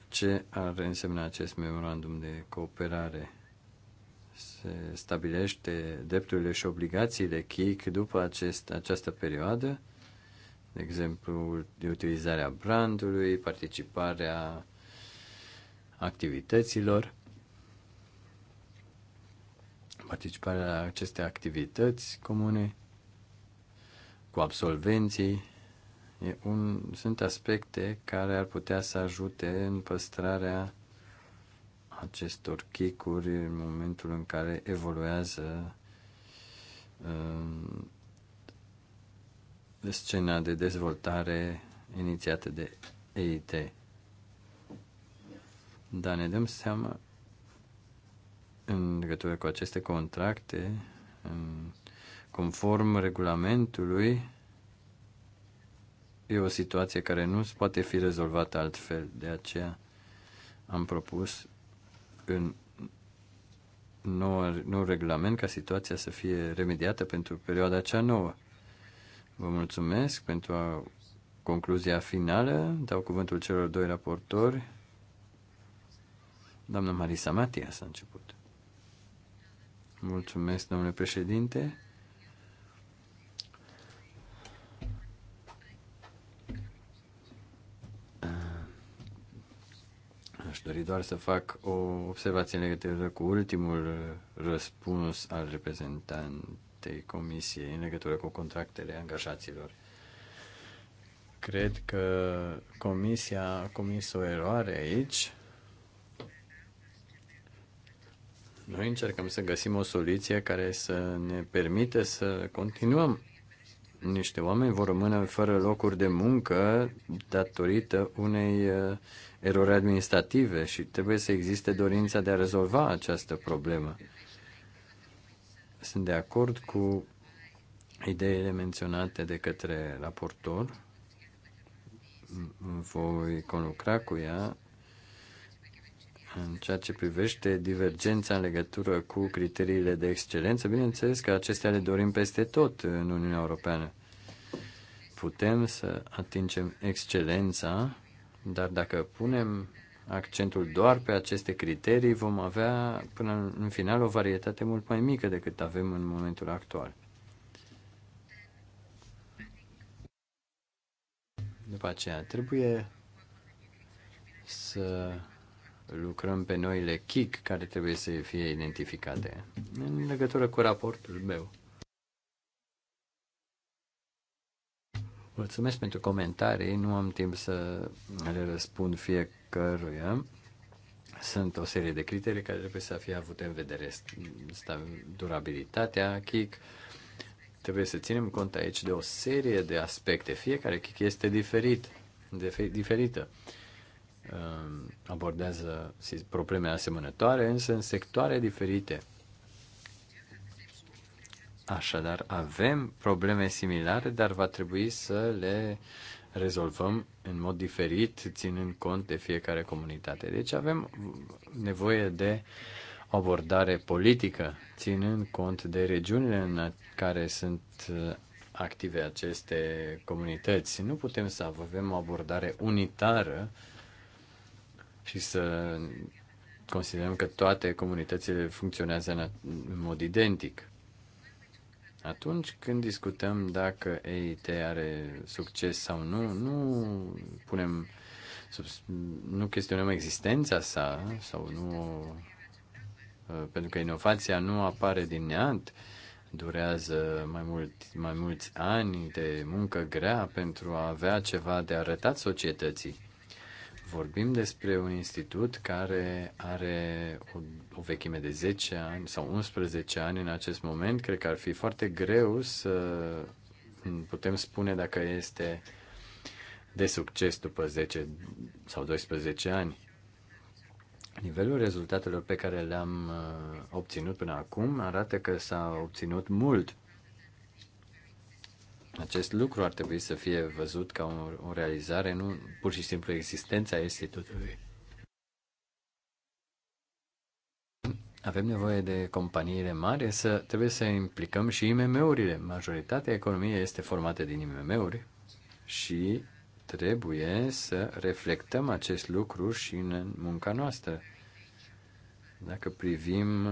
S2: Ce ar însemna acest memorandum de cooperare? se stabilește drepturile și obligațiile chic după acest, această perioadă, de exemplu, utilizarea brandului, participarea activităților, participarea la aceste activități comune cu absolvenții. E un, sunt aspecte care ar putea să ajute în păstrarea acestor chicuri în momentul în care evoluează uh, scena de dezvoltare inițiată de EIT. Dar ne dăm seama în legătură cu aceste contracte, în, conform regulamentului, e o situație care nu poate fi rezolvată altfel. De aceea am propus în nou, nou regulament ca situația să fie remediată pentru perioada cea nouă. Vă mulțumesc pentru a, concluzia finală. Dau cuvântul celor doi raportori. Doamna Marisa Matia s-a început. Mulțumesc, domnule președinte. dori doar să fac o observație în legătură cu ultimul uh, răspuns al reprezentantei Comisiei în legătură cu contractele angajaților. Cred că Comisia a comis o eroare aici. Noi încercăm să găsim o soluție care să ne permite să continuăm niște oameni vor rămâne fără locuri de muncă datorită unei uh, erori administrative și trebuie să existe dorința de a rezolva această problemă. Sunt de acord cu ideile menționate de către raportor. Voi conlucra cu ea în ceea ce privește divergența în legătură cu criteriile de excelență, bineînțeles că acestea le dorim peste tot în Uniunea Europeană. Putem să atingem excelența, dar dacă punem accentul doar pe aceste criterii, vom avea până în final o varietate mult mai mică decât avem în momentul actual. După aceea, trebuie să lucrăm pe noile chic care trebuie să fie identificate în legătură cu raportul meu. Mulțumesc pentru comentarii, nu am timp să le răspund fiecăruia. Sunt o serie de criterii care trebuie să fie avute în vedere. Durabilitatea, kick, trebuie să ținem cont aici de o serie de aspecte. Fiecare kick este diferit, diferită. Um, abordează probleme asemănătoare, însă în sectoare diferite. Așadar, avem probleme similare, dar va trebui să le rezolvăm în mod diferit, ținând cont de fiecare comunitate. Deci avem nevoie de abordare politică, ținând cont de regiunile în care sunt uh, active aceste comunități. Nu putem să avem o abordare unitară și să considerăm că toate comunitățile funcționează în, mod identic. Atunci când discutăm dacă EIT are succes sau nu, nu punem sub, nu chestionăm existența sa sau nu uh, pentru că inovația nu apare din neant, durează mai, mult, mai mulți ani de muncă grea pentru a avea ceva de arătat societății. Vorbim despre un institut care are o, o vechime de 10 ani sau 11 ani în acest moment. Cred că ar fi foarte greu să putem spune dacă este de succes după 10 sau 12 ani. Nivelul rezultatelor pe care le-am uh, obținut până acum arată că s-a obținut mult acest lucru ar trebui să fie văzut ca o, o realizare, nu pur și simplu existența institutului. Avem nevoie de companiile mari, să trebuie să implicăm și IMM-urile. Majoritatea economiei este formată din IMM-uri și trebuie să reflectăm acest lucru și în munca noastră. Dacă privim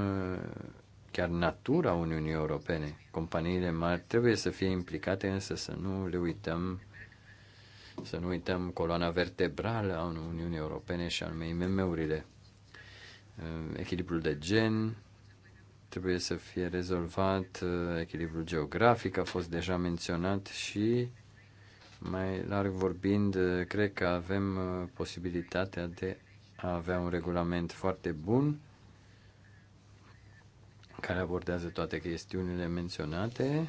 S2: chiar natura Uniunii Europene. Companiile mari trebuie să fie implicate, însă să nu le uităm să nu uităm coloana vertebrală a Uniunii Europene și anume IMM-urile. Uh, echilibrul de gen trebuie să fie rezolvat, uh, echilibrul geografic a fost deja menționat și mai larg vorbind, uh, cred că avem posibilitatea de a avea un regulament foarte bun care abordează toate chestiunile menționate,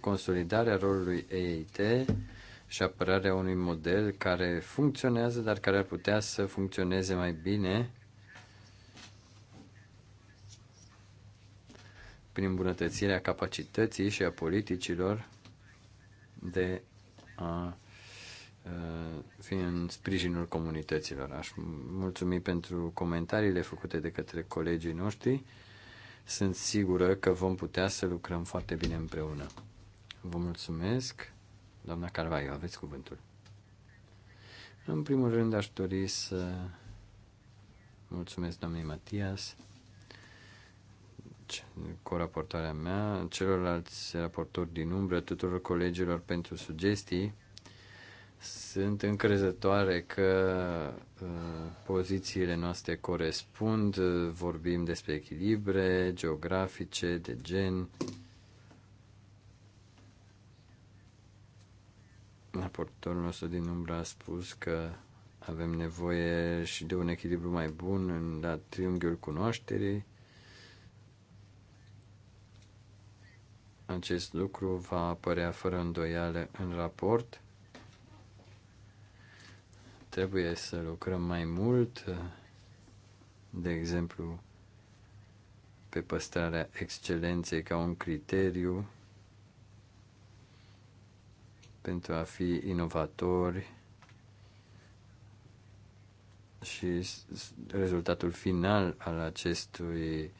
S2: consolidarea rolului EIT și apărarea unui model care funcționează, dar care ar putea să funcționeze mai bine prin îmbunătățirea capacității și a politicilor de a fi în sprijinul comunităților. Aș mulțumi pentru comentariile făcute de către colegii noștri sunt sigură că vom putea să lucrăm foarte bine împreună. Vă mulțumesc. Doamna Carvaiu, aveți cuvântul. În primul rând aș dori să mulțumesc doamnei Matias, coraportarea mea, celorlalți raportori din umbră, tuturor colegilor pentru sugestii sunt încrezătoare că uh, pozițiile noastre corespund, uh, vorbim despre echilibre geografice, de gen. Raportorul nostru din umbră a spus că avem nevoie și de un echilibru mai bun în la triunghiul cunoașterii. Acest lucru va apărea fără îndoială în raport trebuie să lucrăm mai mult, de exemplu, pe păstrarea excelenței ca un criteriu pentru a fi inovatori și rezultatul final al acestui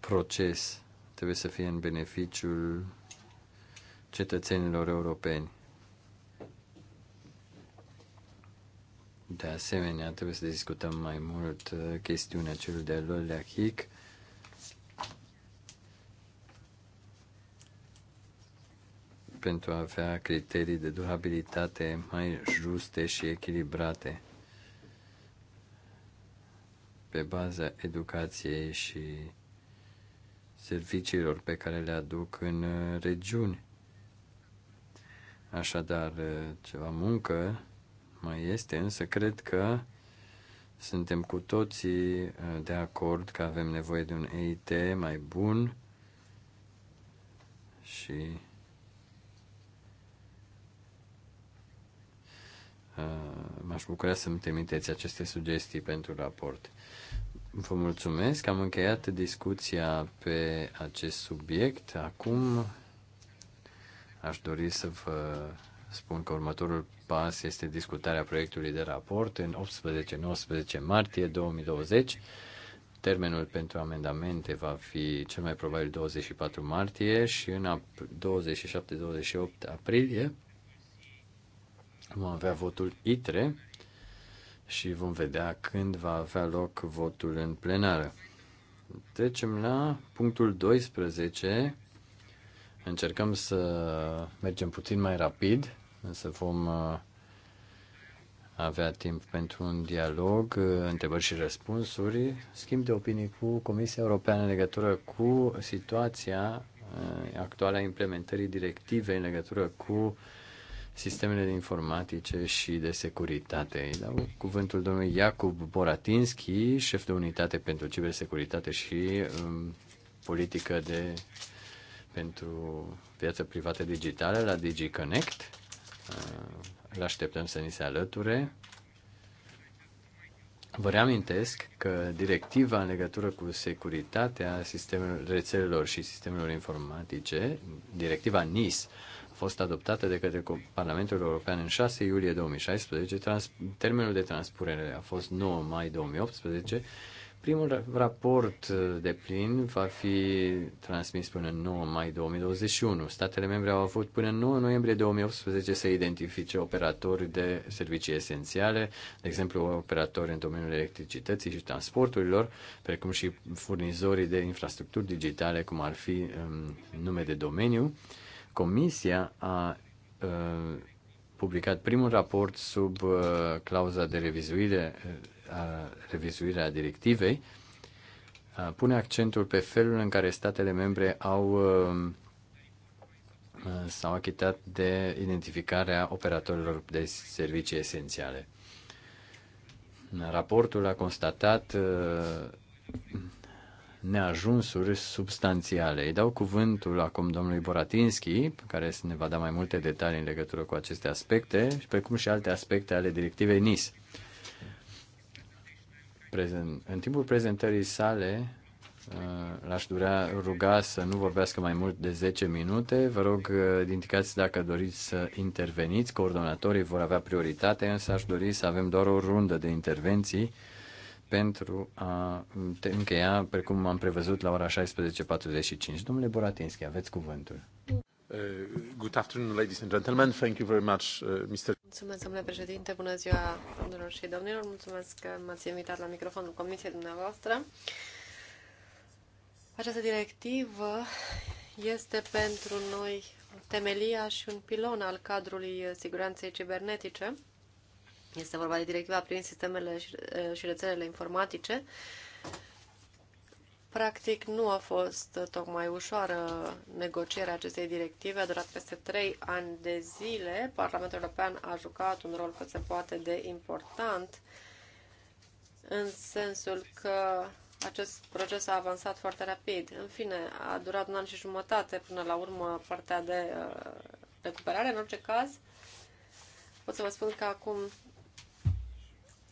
S2: proces trebuie să fie în beneficiul cetățenilor europeni. De asemenea, trebuie să discutăm mai mult uh, chestiunea celui de-al doilea HIC. pentru a avea criterii de durabilitate mai juste și echilibrate pe baza educației și serviciilor pe care le aduc în uh, regiuni. Așadar, uh, ceva muncă mai este, însă cred că suntem cu toții uh, de acord că avem nevoie de un EIT mai bun și uh, m-aș bucura să-mi trimiteți aceste sugestii pentru raport. Vă mulțumesc, am încheiat discuția pe acest subiect. Acum aș dori să vă spun că următorul pas este discutarea proiectului de raport în 18-19 martie 2020. Termenul pentru amendamente va fi cel mai probabil 24 martie și în 27-28 aprilie vom avea votul ITRE și vom vedea când va avea loc votul în plenară. Trecem la punctul 12. Încercăm să mergem puțin mai rapid însă vom uh, avea timp pentru un dialog, uh, întrebări și răspunsuri, schimb de opinii cu Comisia Europeană în legătură cu situația uh, actuală a implementării directivei în legătură cu sistemele de informatice și de securitate. Îi dau cuvântul domnului Iacob Boratinski, șef de unitate pentru cibersecuritate și um, politică de pentru viața privată digitală la DigiConnect. Îl așteptăm să ni se alăture. Vă reamintesc că directiva în legătură cu securitatea sistemelor, rețelelor și sistemelor informatice, directiva NIS, a fost adoptată de către Parlamentul European în 6 iulie 2016. Trans- termenul de transpunere a fost 9 mai 2018 Primul raport uh, de plin va fi transmis până în 9 mai 2021. Statele membre au avut până în 9 noiembrie 2018 să identifice operatori de servicii esențiale, de exemplu operatori în domeniul electricității și transporturilor, precum și furnizorii de infrastructuri digitale, cum ar fi um, nume de domeniu. Comisia a uh, publicat primul raport sub uh, clauza de revizuire uh, revizuirea directivei pune accentul pe felul în care statele membre au s-au achitat de identificarea operatorilor de servicii esențiale. Raportul a constatat neajunsuri substanțiale. Îi dau cuvântul acum domnului Boratinski, care ne va da mai multe detalii în legătură cu aceste aspecte, precum și alte aspecte ale directivei NIS prezent, în timpul prezentării sale, uh, l-aș durea ruga să nu vorbească mai mult de 10 minute. Vă rog, uh, indicați dacă doriți să interveniți. Coordonatorii vor avea prioritate, însă aș dori să avem doar o rundă de intervenții pentru a încheia, precum am prevăzut, la ora 16.45. Domnule Boratinski, aveți cuvântul. Uh, good afternoon, ladies and gentlemen. Thank you very much, uh, Mr.
S1: Mulțumesc, domnule președinte. Bună ziua, domnilor și domnilor. Mulțumesc că m-ați invitat la microfonul comisiei dumneavoastră. Această directivă este pentru noi temelia și un pilon al cadrului siguranței cibernetice. Este vorba de directiva privind sistemele uh, și rețelele informatice Practic nu a fost tocmai ușoară negocierea acestei directive, a durat peste trei ani de zile. Parlamentul European a jucat un rol cât se poate de important în sensul că acest proces a avansat foarte rapid. În fine, a durat un an și jumătate până la urmă partea de uh, recuperare. În orice caz, pot să vă spun că acum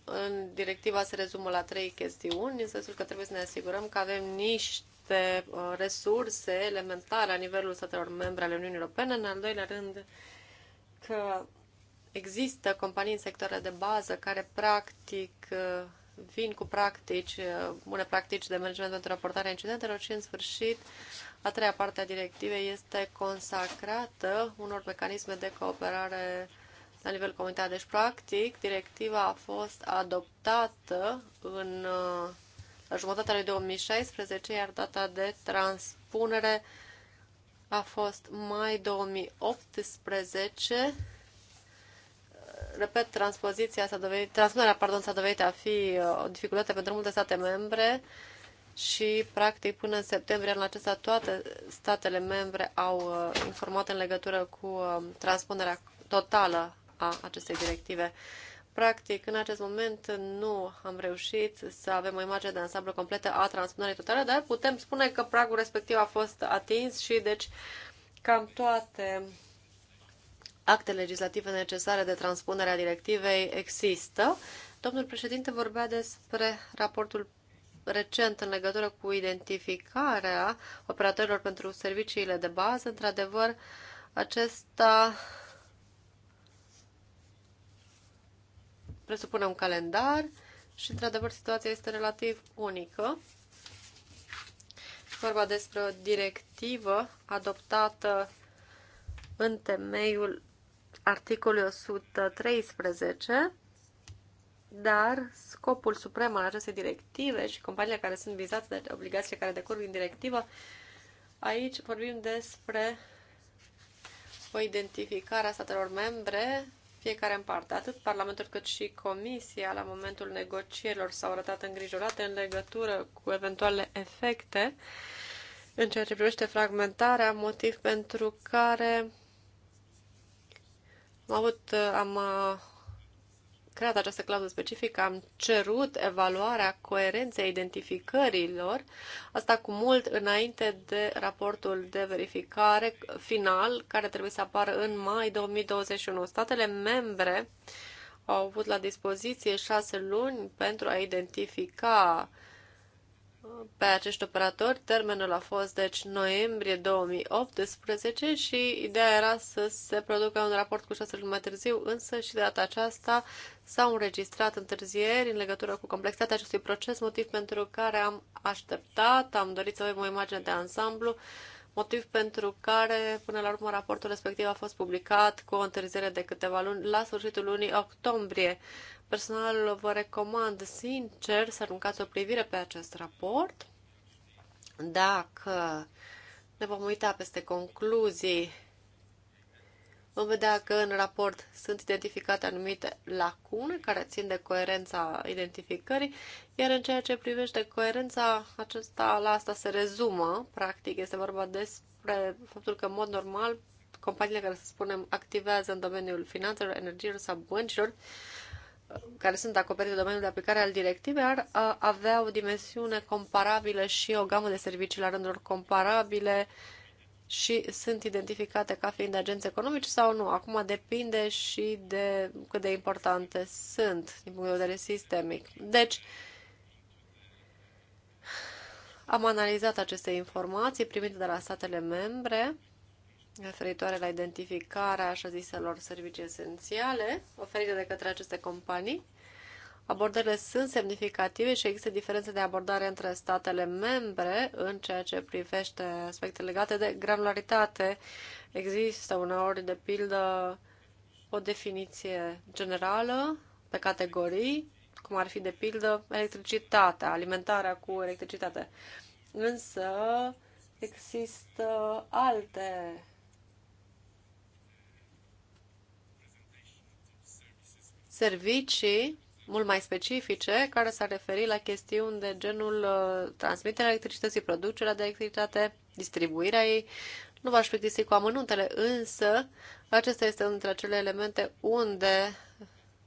S1: în directiva se rezumă la trei chestiuni, în sensul că trebuie să ne asigurăm că avem niște uh, resurse elementare la nivelul statelor membre ale Uniunii Europene, în al doilea rând că există companii în sectoare de bază care practic uh, vin cu practici, uh, bune practici de management pentru raportarea incidentelor și, în sfârșit, a treia parte a directivei este consacrată unor mecanisme de cooperare la nivel comunitar. Deci, practic, directiva a fost adoptată în, uh, la jumătatea lui 2016, iar data de transpunere a fost mai 2018. Uh, repet, transpoziția s-a dovedit, transpunerea, pardon, s-a dovedit a fi uh, o dificultate pentru multe state membre și, practic, până în septembrie anul acesta, toate statele membre au informat în legătură cu transpunerea totală a acestei directive. Practic, în acest moment nu am reușit să avem o imagine de ansamblu completă a transpunerii totale, dar putem spune că pragul respectiv a fost atins și deci cam toate actele legislative necesare de transpunere a directivei există. Domnul președinte vorbea despre raportul recent în legătură cu identificarea operatorilor pentru serviciile de bază. Într-adevăr, acesta presupune un calendar și, într-adevăr, situația este relativ unică. Vorba despre o directivă adoptată în temeiul articolului 113, dar scopul suprem al acestei directive și companiile care sunt vizate de obligațiile care decurg din directivă, aici vorbim despre o identificare a statelor membre fiecare în parte, atât Parlamentul cât și Comisia, la momentul negocierilor, s-au arătat îngrijorate în legătură cu eventuale efecte în ceea ce privește fragmentarea, motiv pentru care am avut, am creat această clauză specifică, am cerut evaluarea coerenței identificărilor, asta cu mult înainte de raportul de verificare final, care trebuie să apară în mai 2021. Statele membre au avut la dispoziție șase luni pentru a identifica uh, pe acești operatori. Termenul a fost, deci, noiembrie 2018 și ideea era să se producă un raport cu șase luni mai târziu, însă și de data aceasta s-au înregistrat întârzieri în legătură cu complexitatea acestui proces, motiv pentru care am așteptat, am dorit să avem o imagine de ansamblu motiv pentru care, până la urmă, raportul respectiv a fost publicat cu o întârziere de câteva luni la sfârșitul lunii octombrie. Personal, vă recomand sincer să aruncați o privire pe acest raport. Dacă ne vom uita peste concluzii Vom vedea că în raport sunt identificate anumite lacune care țin de coerența identificării, iar în ceea ce privește coerența, acesta, la asta se rezumă, practic, este vorba despre faptul că, în mod normal, companiile care, să spunem, activează în domeniul finanțelor, energiilor sau băncilor, care sunt acoperite de domeniul de aplicare al directivei, ar avea o dimensiune comparabilă și o gamă de servicii la rândul comparabile, și sunt identificate ca fiind agenți economici sau nu. Acum depinde și de cât de importante sunt din punct de vedere sistemic. Deci, am analizat aceste informații primite de la statele membre referitoare la identificarea așa ziselor servicii esențiale oferite de către aceste companii Abordările sunt semnificative și există diferențe de abordare între statele membre în ceea ce privește aspecte legate de granularitate. Există uneori, de pildă, o definiție generală pe categorii, cum ar fi, de pildă, electricitatea, alimentarea cu electricitate. Însă există alte servicii mult mai specifice, care s-ar referi la chestiuni de genul uh, transmiterea electricității, producerea de electricitate, distribuirea ei. Nu v-aș plictisi cu amănuntele, însă acesta este unul dintre acele elemente unde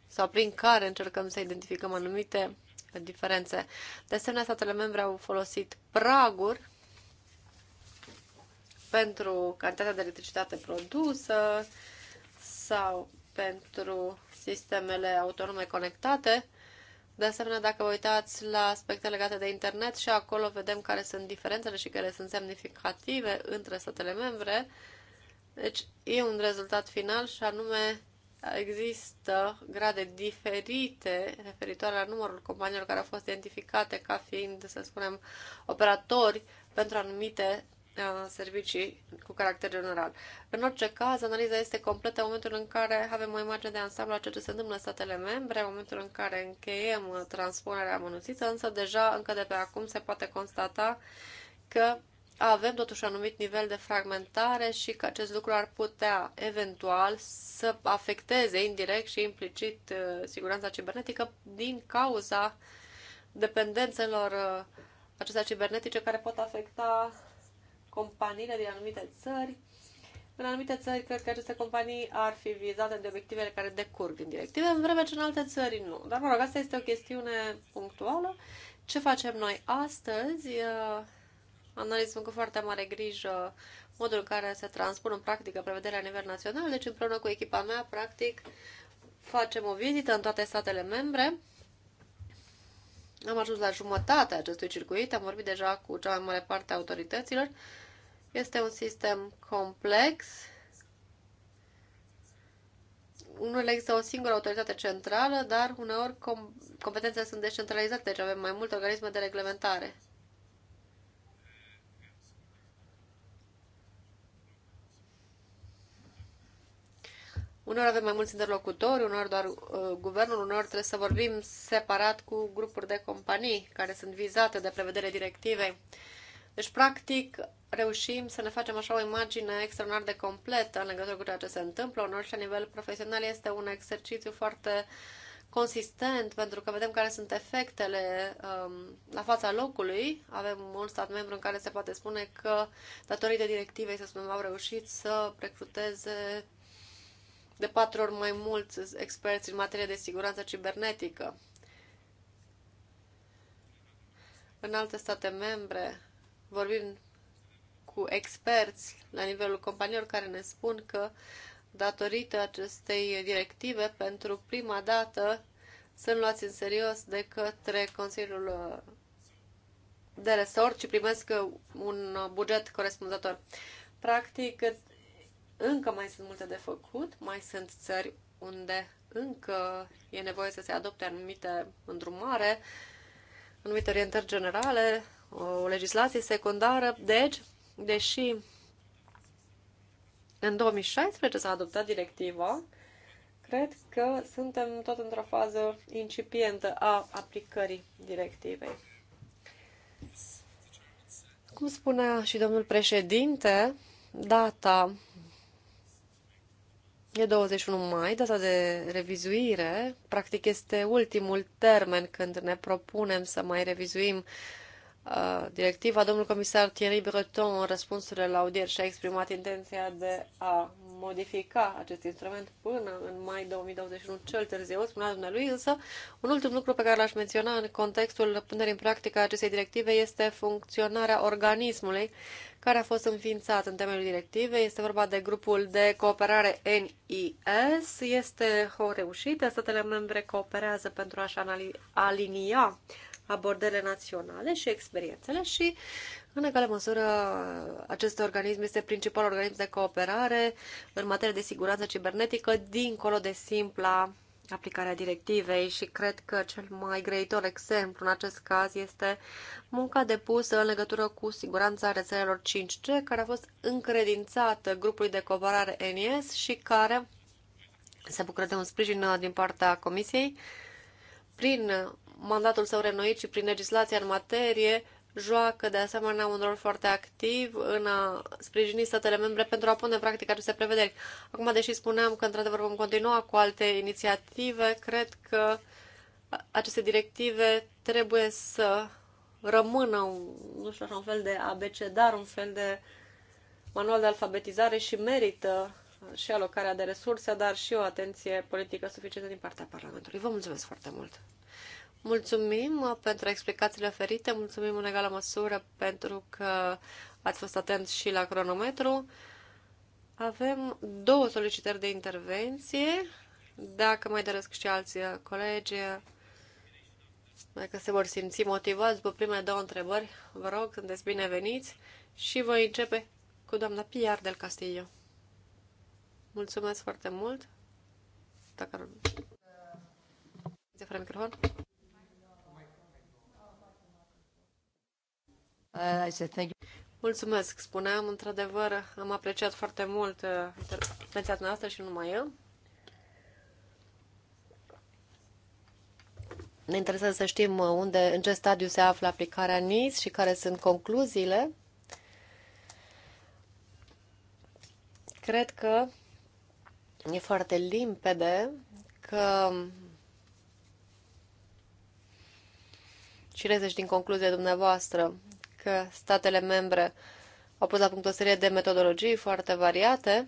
S1: sau prin care încercăm să identificăm anumite diferențe. De asemenea, statele membre au folosit praguri pentru cantitatea de electricitate produsă sau pentru sistemele autonome conectate. De asemenea, dacă vă uitați la aspecte legate de internet și acolo vedem care sunt diferențele și care sunt semnificative între statele membre. Deci e un rezultat final și anume există grade diferite referitoare la numărul companiilor care au fost identificate ca fiind, să spunem, operatori pentru anumite Uh, servicii cu caracter general. În orice caz, analiza este completă în momentul în care avem o imagine de ansamblu a ceea ce se întâmplă în statele membre, în momentul în care încheiem uh, transpunerea amănunțită, însă deja încă de pe acum se poate constata că avem totuși un anumit nivel de fragmentare și că acest lucru ar putea eventual să afecteze indirect și implicit uh, siguranța cibernetică din cauza dependențelor acestea cibernetice care pot afecta companiile din anumite țări. În anumite țări, cred că aceste companii ar fi vizate de obiectivele care decurg din directive, în vreme ce în alte țări nu. Dar, mă rog, asta este o chestiune punctuală. Ce facem noi astăzi? Uh, analizăm cu foarte mare grijă modul în care se transpun în practică prevederea la nivel național, deci împreună cu echipa mea, practic, facem o vizită în toate statele membre. Am ajuns la jumătatea acestui circuit, am vorbit deja cu cea mai mare parte a autorităților este un sistem complex. Unul există o singură autoritate centrală, dar uneori com- competențele sunt descentralizate, deci avem mai multe organisme de reglementare. Uneori avem mai mulți interlocutori, uneori doar uh, guvernul, uneori trebuie să vorbim separat cu grupuri de companii care sunt vizate de prevedere directivei. Deci, practic, reușim să ne facem așa o imagine extraordinar de completă în legătură cu ceea ce se întâmplă. În orice nivel profesional este un exercițiu foarte consistent pentru că vedem care sunt efectele um, la fața locului. Avem un stat membru în care se poate spune că datorită directivei, să spunem, au reușit să recruteze de patru ori mai mulți experți în materie de siguranță cibernetică. În alte state membre, vorbim cu experți la nivelul companiilor care ne spun că datorită acestei directive, pentru prima dată sunt luați în serios de către Consiliul uh, de resort și primesc uh, un uh, buget corespunzător. Practic, încă mai sunt multe de făcut, mai sunt țări unde încă e nevoie să se adopte anumite îndrumare, anumite orientări generale, o legislație secundară. Deci, deși în 2016 s-a adoptat directiva, cred că suntem tot într-o fază incipientă a aplicării directivei. Cum spunea și domnul președinte, data e 21 mai, data de revizuire, practic este ultimul termen când ne propunem să mai revizuim uh, Uh, directiva, domnul comisar Thierry Breton, în răspunsurile la audier, și-a exprimat intenția de a modifica acest instrument până în mai 2021, cel târziu, spunea dumnealui, însă un ultim lucru pe care l-aș menționa în contextul punerii în practică a acestei directive este funcționarea organismului care a fost înființat în temeiul directivei. Este vorba de grupul de cooperare NIS. Este o reușită. Statele membre cooperează pentru a-și alinia abordele naționale și experiențele și, în egală măsură, acest organism este principal organism de cooperare în materie de siguranță cibernetică, dincolo de simpla aplicarea directivei și cred că cel mai greitor exemplu în acest caz este munca depusă în legătură cu siguranța rețelelor 5G, care a fost încredințată grupului de cooperare NIS și care se bucură de un sprijin din partea Comisiei prin mandatul său renoit și prin legislația în materie, joacă de asemenea un rol foarte activ în a sprijini statele membre pentru a pune în practică aceste prevederi. Acum, deși spuneam că într-adevăr vom continua cu alte inițiative, cred că aceste directive trebuie să rămână, nu știu, așa, un fel de abecedar, un fel de manual de alfabetizare și merită și alocarea de resurse, dar și o atenție politică suficientă din partea Parlamentului. Vă mulțumesc foarte mult! Mulțumim uh, pentru explicațiile oferite, mulțumim în egală măsură pentru că ați fost atent și la cronometru. Avem două solicitări de intervenție. Dacă mai doresc și alții uh, colegi, uh, dacă se vor simți motivați după primele două întrebări, vă rog, sunteți bineveniți și voi începe cu doamna Piar del Castillo. Mulțumesc foarte mult! Dacă... De fără microfon. Uh, Mulțumesc, spuneam, într-adevăr, am apreciat foarte mult uh, intervenția noastră și numai eu. Ne interesează să știm uh, unde, în ce stadiu se află aplicarea NIS și care sunt concluziile. Cred că e foarte limpede că 30 din concluzie dumneavoastră că statele membre au pus la punct o serie de metodologii foarte variate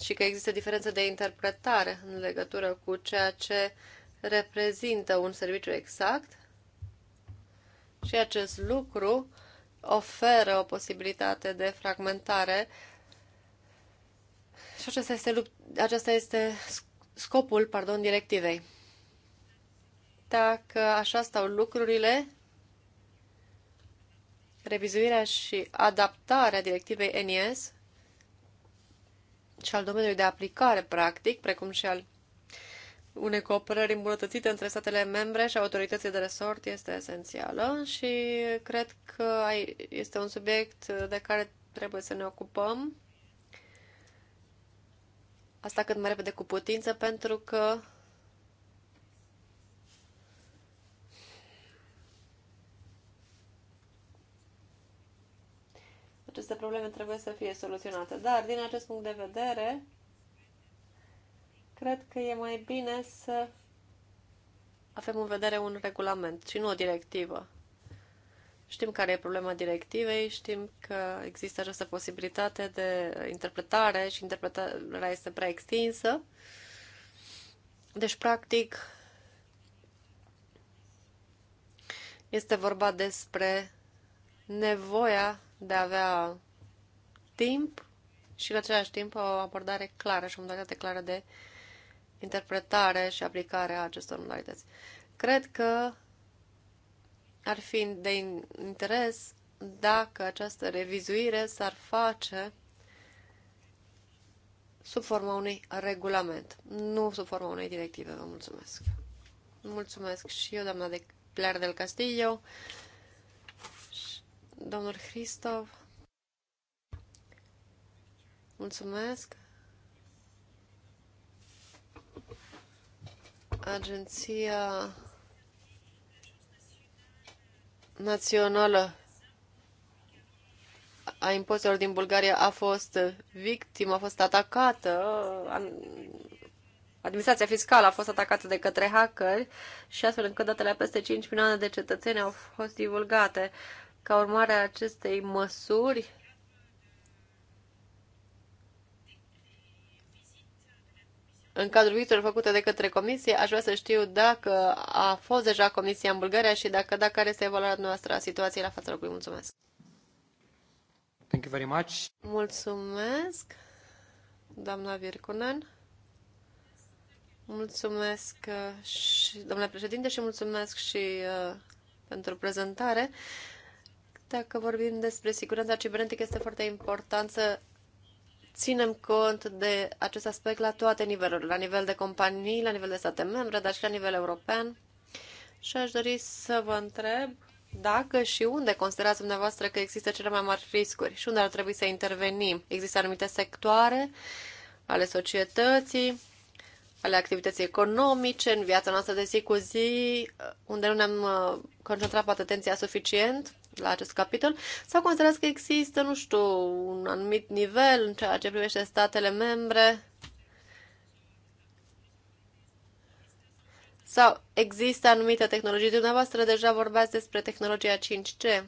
S1: și că există diferențe de interpretare în legătură cu ceea ce reprezintă un serviciu exact și acest lucru oferă o posibilitate de fragmentare și acesta este, acesta este scopul pardon, directivei. Dacă așa stau lucrurile, revizuirea și adaptarea directivei NIS și al domeniului de aplicare, practic, precum și al unei cooperări îmbunătățite între statele membre și autoritățile de resort este esențială și cred că este un subiect de care trebuie să ne ocupăm. Asta cât mai repede cu putință, pentru că Aceste probleme trebuie să fie soluționate. Dar, din acest punct de vedere, cred că e mai bine să avem în vedere un regulament și nu o directivă. Știm care e problema directivei, știm că există această posibilitate de interpretare și interpretarea este prea extinsă. Deci, practic, este vorba despre nevoia de a avea timp și în același timp o abordare clară și o modalitate clară de interpretare și aplicare a acestor modalități. Cred că ar fi de interes dacă această revizuire s-ar face sub forma unui regulament, nu sub forma unei directive. Vă mulțumesc! Mulțumesc și eu, doamna de Pilar del Castillo. Domnul Hristov. Mulțumesc. Agenția Națională a impozitelor din Bulgaria a fost victimă, a fost atacată, administrația fiscală a fost atacată de către hackeri și astfel încât datele a peste 5 milioane de cetățeni au fost divulgate. Ca urmare a acestei măsuri, În cadrul vizitelor făcute de către comisie, aș vrea să știu dacă a fost deja comisia în Bulgaria și dacă da, care este evaluarea noastră a situației la fața locului. Mulțumesc! Thank you very much. Mulțumesc, doamna Virkunen. Mulțumesc, uh, și, domnule președinte, și mulțumesc și uh, pentru prezentare. Uh, dacă vorbim despre siguranța cibernetică, este foarte important să ținem cont de acest aspect la toate nivelurile, la nivel de companii, la nivel de state membre, dar și la nivel european. Și aș dori să vă întreb dacă și unde considerați dumneavoastră că există cele mai mari riscuri și unde ar trebui să intervenim. Există anumite sectoare ale societății, ale activității economice, în viața noastră de zi cu zi, unde nu ne-am uh, concentrat poate atenția suficient la acest capitol, sau considerați că există, nu știu, un anumit nivel în ceea ce privește statele membre? Sau există anumite tehnologii? Dumneavoastră deja vorbeați despre tehnologia 5G,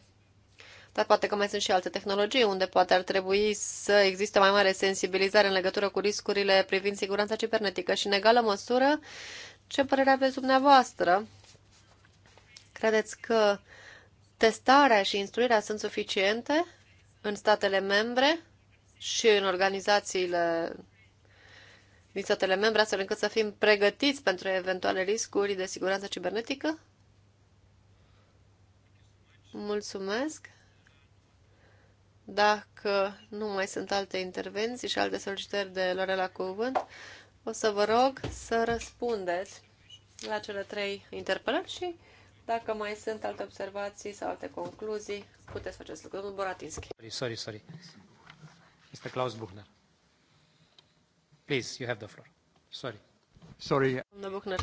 S1: dar poate că mai sunt și alte tehnologii unde poate ar trebui să existe mai mare sensibilizare în legătură cu riscurile privind siguranța cibernetică și, în egală măsură, ce părere aveți dumneavoastră? Credeți că Testarea și instruirea sunt suficiente în statele membre și în organizațiile din statele membre, astfel încât să fim pregătiți pentru eventuale riscuri de siguranță cibernetică? Mulțumesc! Dacă nu mai sunt alte intervenții și alte solicitări de luare la cuvânt, o să vă rog să răspundeți la cele trei interpelări și dacă mai sunt alte observații sau alte concluzii, puteți face lucru. Domnul Boratinski.
S3: Sorry, sorry, sorry. Mr.
S2: Klaus Buchner. Please, you have the floor. Sorry. Sorry. Domnul Buchner.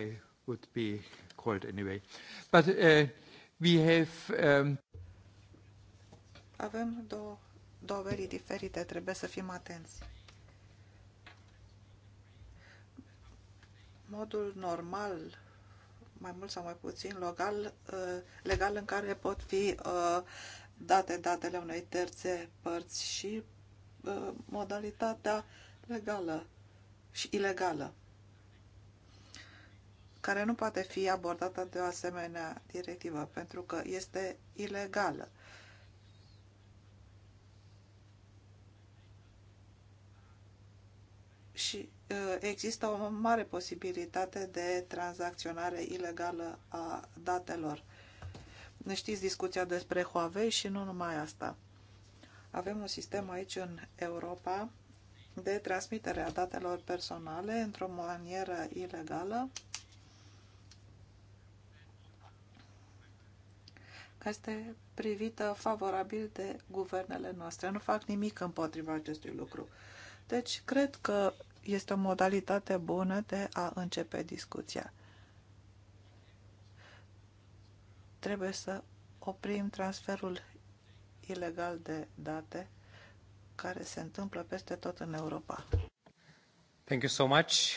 S2: I would be called anyway. But uh, we have... Um...
S3: Avem două doverii diferite, trebuie să fim atenți. Modul normal mai mult sau mai puțin legal, uh, legal în care pot fi uh, date datele unei terțe părți și uh, modalitatea legală și ilegală, care nu poate fi abordată de o asemenea directivă, pentru că este ilegală. Și Uh, există o mare posibilitate de tranzacționare ilegală a datelor. Știți discuția despre Huawei și nu numai asta. Avem un sistem aici în Europa de transmitere a datelor personale într-o manieră ilegală este privită favorabil de guvernele noastre. Nu fac nimic împotriva acestui lucru. Deci, cred că este o modalitate bună de a începe discuția. Trebuie să oprim transferul ilegal de date care se întâmplă peste tot în Europa.
S1: Thank you so much.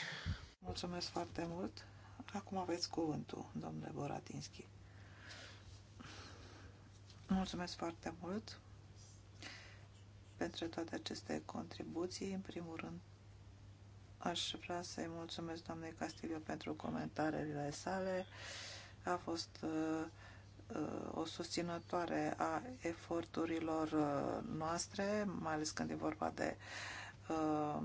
S3: Mulțumesc foarte mult. Acum aveți cuvântul, domnule Boratinski. Mulțumesc foarte mult pentru toate aceste contribuții. În primul rând, Aș vrea să-i mulțumesc doamnei Castilio pentru comentariile sale. A fost uh, uh o susținătoare a eforturilor uh, noastre, mai ales când e vorba de uh,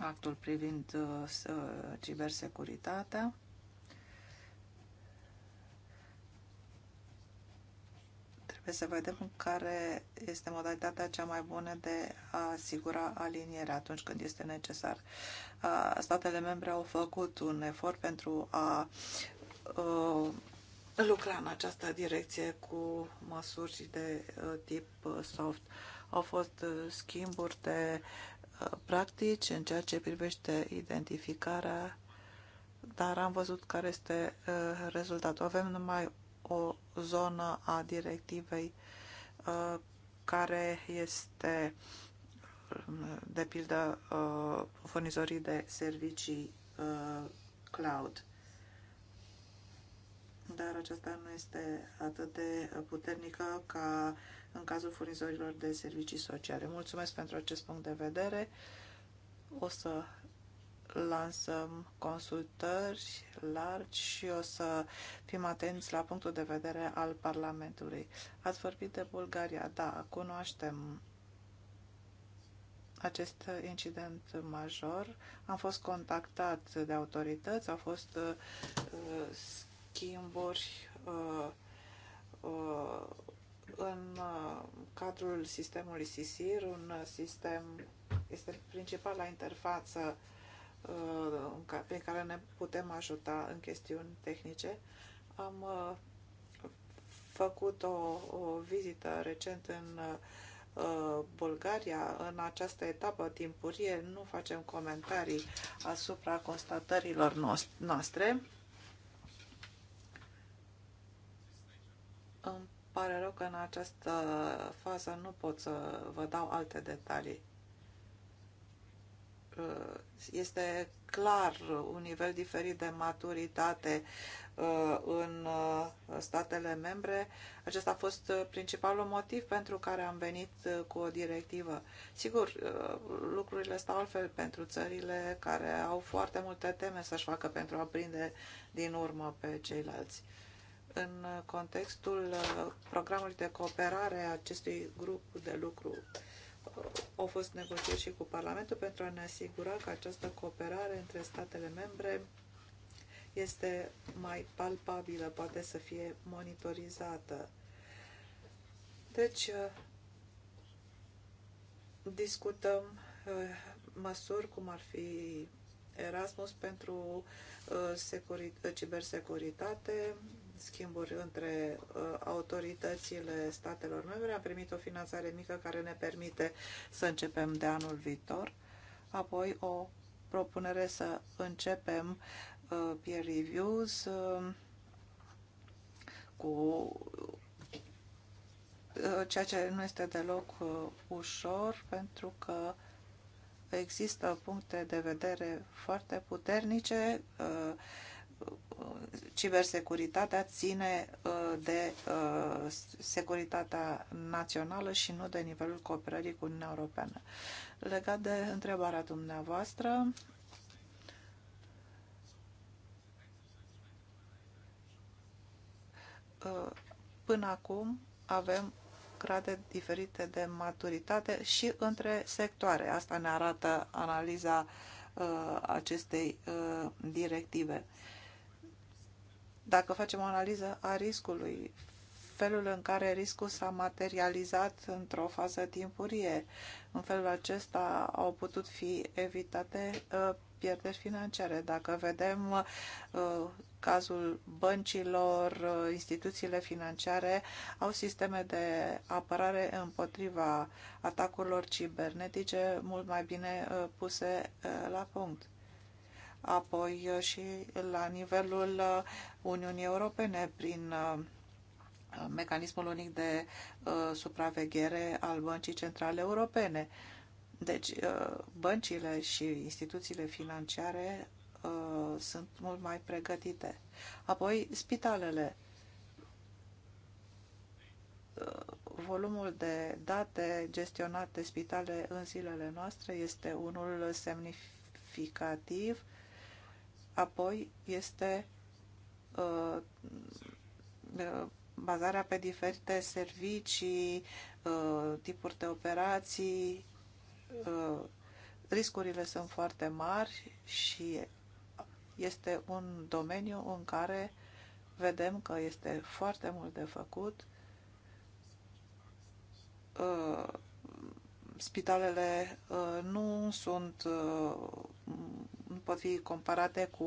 S3: actul privind uh, uh cibersecuritatea. Trebuie să vedem care este modalitatea cea mai bună de a asigura alinierea atunci când este necesar. Statele membre au făcut un efort pentru a lucra în această direcție cu măsuri de tip soft. Au fost schimburi de practici în ceea ce privește identificarea, dar am văzut care este rezultatul. Avem numai o zonă a directivei uh, care este, de pildă, uh, furnizorii de servicii uh, cloud. Dar aceasta nu este atât de puternică ca în cazul furnizorilor de servicii sociale. Mulțumesc pentru acest punct de vedere. O să lansăm consultări largi și o să fim atenți la punctul de vedere al Parlamentului. Ați vorbit de Bulgaria, da, cunoaștem acest incident major. Am fost contactat de autorități, au fost uh, schimburi uh, uh, în uh, cadrul sistemului SISIR, un sistem este principala interfață Uh, prin care ne putem ajuta în chestiuni tehnice. Am uh, făcut o, o vizită recent în uh, Bulgaria. În această etapă timpurie nu facem comentarii asupra constatărilor noastre. Îmi pare rău că în această fază nu pot să vă dau alte detalii. Uh, este clar un nivel diferit de maturitate uh, în uh, statele membre. Acesta a fost principalul motiv pentru care am venit cu o directivă. Sigur, lucrurile stau altfel pentru țările care au foarte multe teme să-și facă pentru a prinde din urmă pe ceilalți. În contextul programului de cooperare a acestui grup de lucru au fost negocieri și cu Parlamentul pentru a ne asigura că această cooperare între statele membre este mai palpabilă, poate să fie monitorizată. Deci, uh, discutăm uh, măsuri cum ar fi Erasmus pentru uh, cibersecuritate, schimburi între uh, autoritățile statelor membre. Am primit o finanțare mică care ne permite să începem de anul viitor. Apoi o propunere să începem uh, peer reviews uh, cu ceea ce nu este deloc ușor pentru că există puncte de vedere foarte puternice cibersecuritatea ține uh, de uh, securitatea națională și nu de nivelul cooperării cu Uniunea Europeană. Legat de întrebarea dumneavoastră, uh, până acum avem grade diferite de maturitate și între sectoare. Asta ne arată analiza acestei directive. Dacă facem o analiză a riscului, felul în care riscul s-a materializat într-o fază timpurie, în felul acesta au putut fi evitate ă, pierderi financiare. Dacă vedem ă, cazul băncilor, ă, instituțiile financiare au sisteme de apărare împotriva atacurilor cibernetice mult mai bine puse la punct apoi uh, și la nivelul uh, Uniunii Europene prin uh, mecanismul unic de supraveghere al Băncii Centrale Europene. Deci, băncile și instituțiile financiare sunt mult mai pregătite. Apoi, spitalele. Volumul de date gestionate spitale în zilele noastre este unul semnificativ Apoi este uh, uh, bazarea pe diferite servicii, uh, tipuri de operații, riscurile sunt foarte mari și este un domeniu în care vedem că este foarte mult de făcut. Spitalele nu sunt pot fi comparate cu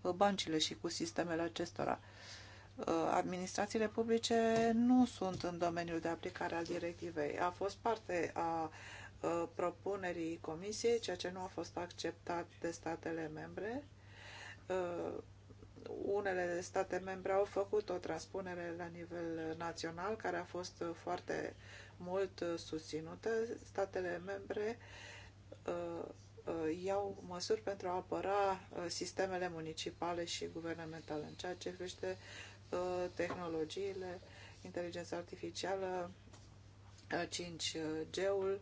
S3: uh, băncile și cu sistemele acestora. Uh, administrațiile publice nu sunt în domeniul de aplicare al directivei. A fost parte a uh, propunerii comisiei, ceea ce nu a fost acceptat de statele membre. Unele state membre au făcut o transpunere la nivel național, care a fost foarte mult susținută. Statele membre Uh, iau măsuri pentru a apăra uh, sistemele municipale și guvernamentale în ceea ce privește uh, tehnologiile, inteligența artificială, 5G-ul,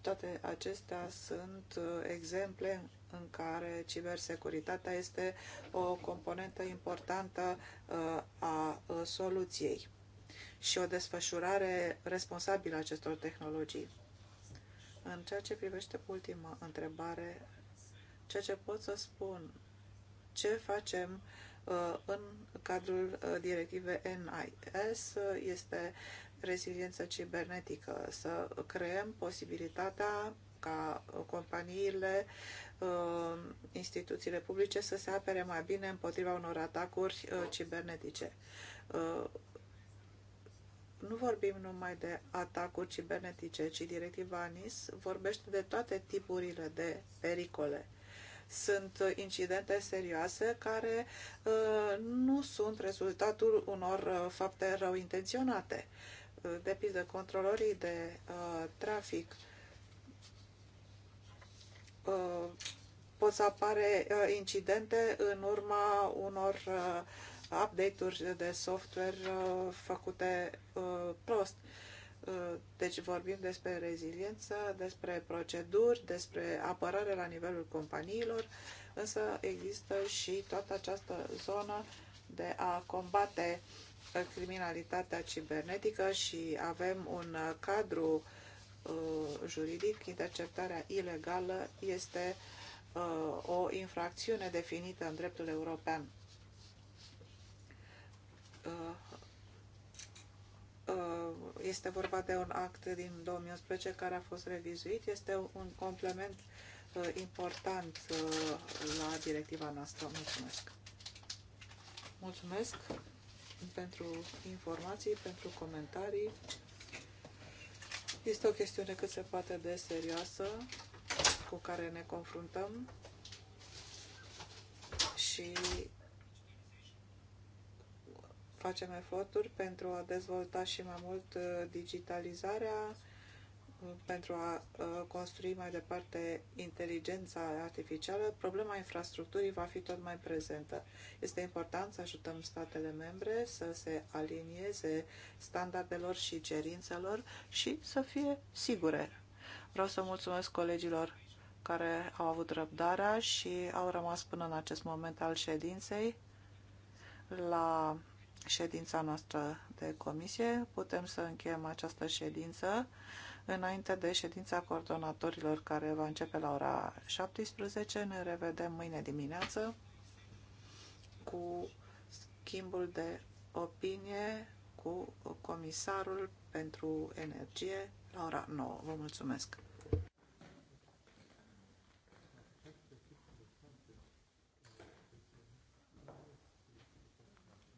S3: toate acestea sunt exemple în care cibersecuritatea este o componentă importantă a soluției și o desfășurare responsabilă a acestor tehnologii. În ceea ce privește ultima întrebare, ceea ce pot să spun, ce facem uh, în cadrul uh, directivei NIS uh, este reziliență cibernetică, să creăm posibilitatea ca companiile, instituțiile publice să se apere mai bine împotriva unor atacuri cibernetice nu vorbim numai de atacuri cibernetice, ci directiva ANIS vorbește de toate tipurile de pericole. Sunt incidente serioase care uh, nu sunt rezultatul unor uh, fapte rău intenționate. Uh, de pildă, controlorii de trafic pot să apare incidente în urma unor uh, update-uri de software uh, făcute uh, prost. Uh, deci vorbim despre reziliență, despre proceduri, despre apărare la nivelul companiilor, însă există și toată această zonă de a combate criminalitatea cibernetică și avem un cadru juridic. Interceptarea ilegală este o infracțiune definită în dreptul european. Uh, uh, este vorba de un act din 2011 care a fost revizuit, este un complement uh, important la directiva noastră. Mulțumesc! Mulțumesc pentru informații, pentru comentarii. Este o chestiune cât se poate de serioasă cu care ne confruntăm și facem eforturi pentru a dezvolta și mai mult uh, digitalizarea, uh, pentru a uh, construi mai departe inteligența artificială, problema infrastructurii va fi tot mai prezentă. Este important să ajutăm statele membre să se alinieze standardelor și cerințelor și să fie sigure. Vreau să mulțumesc colegilor care au avut răbdarea și au rămas până în acest moment al ședinței la ședința noastră de comisie. Putem să încheiem această ședință înainte de ședința coordonatorilor care va începe la ora 17. Ne revedem mâine dimineață cu schimbul de opinie cu comisarul pentru energie la ora 9. Vă mulțumesc!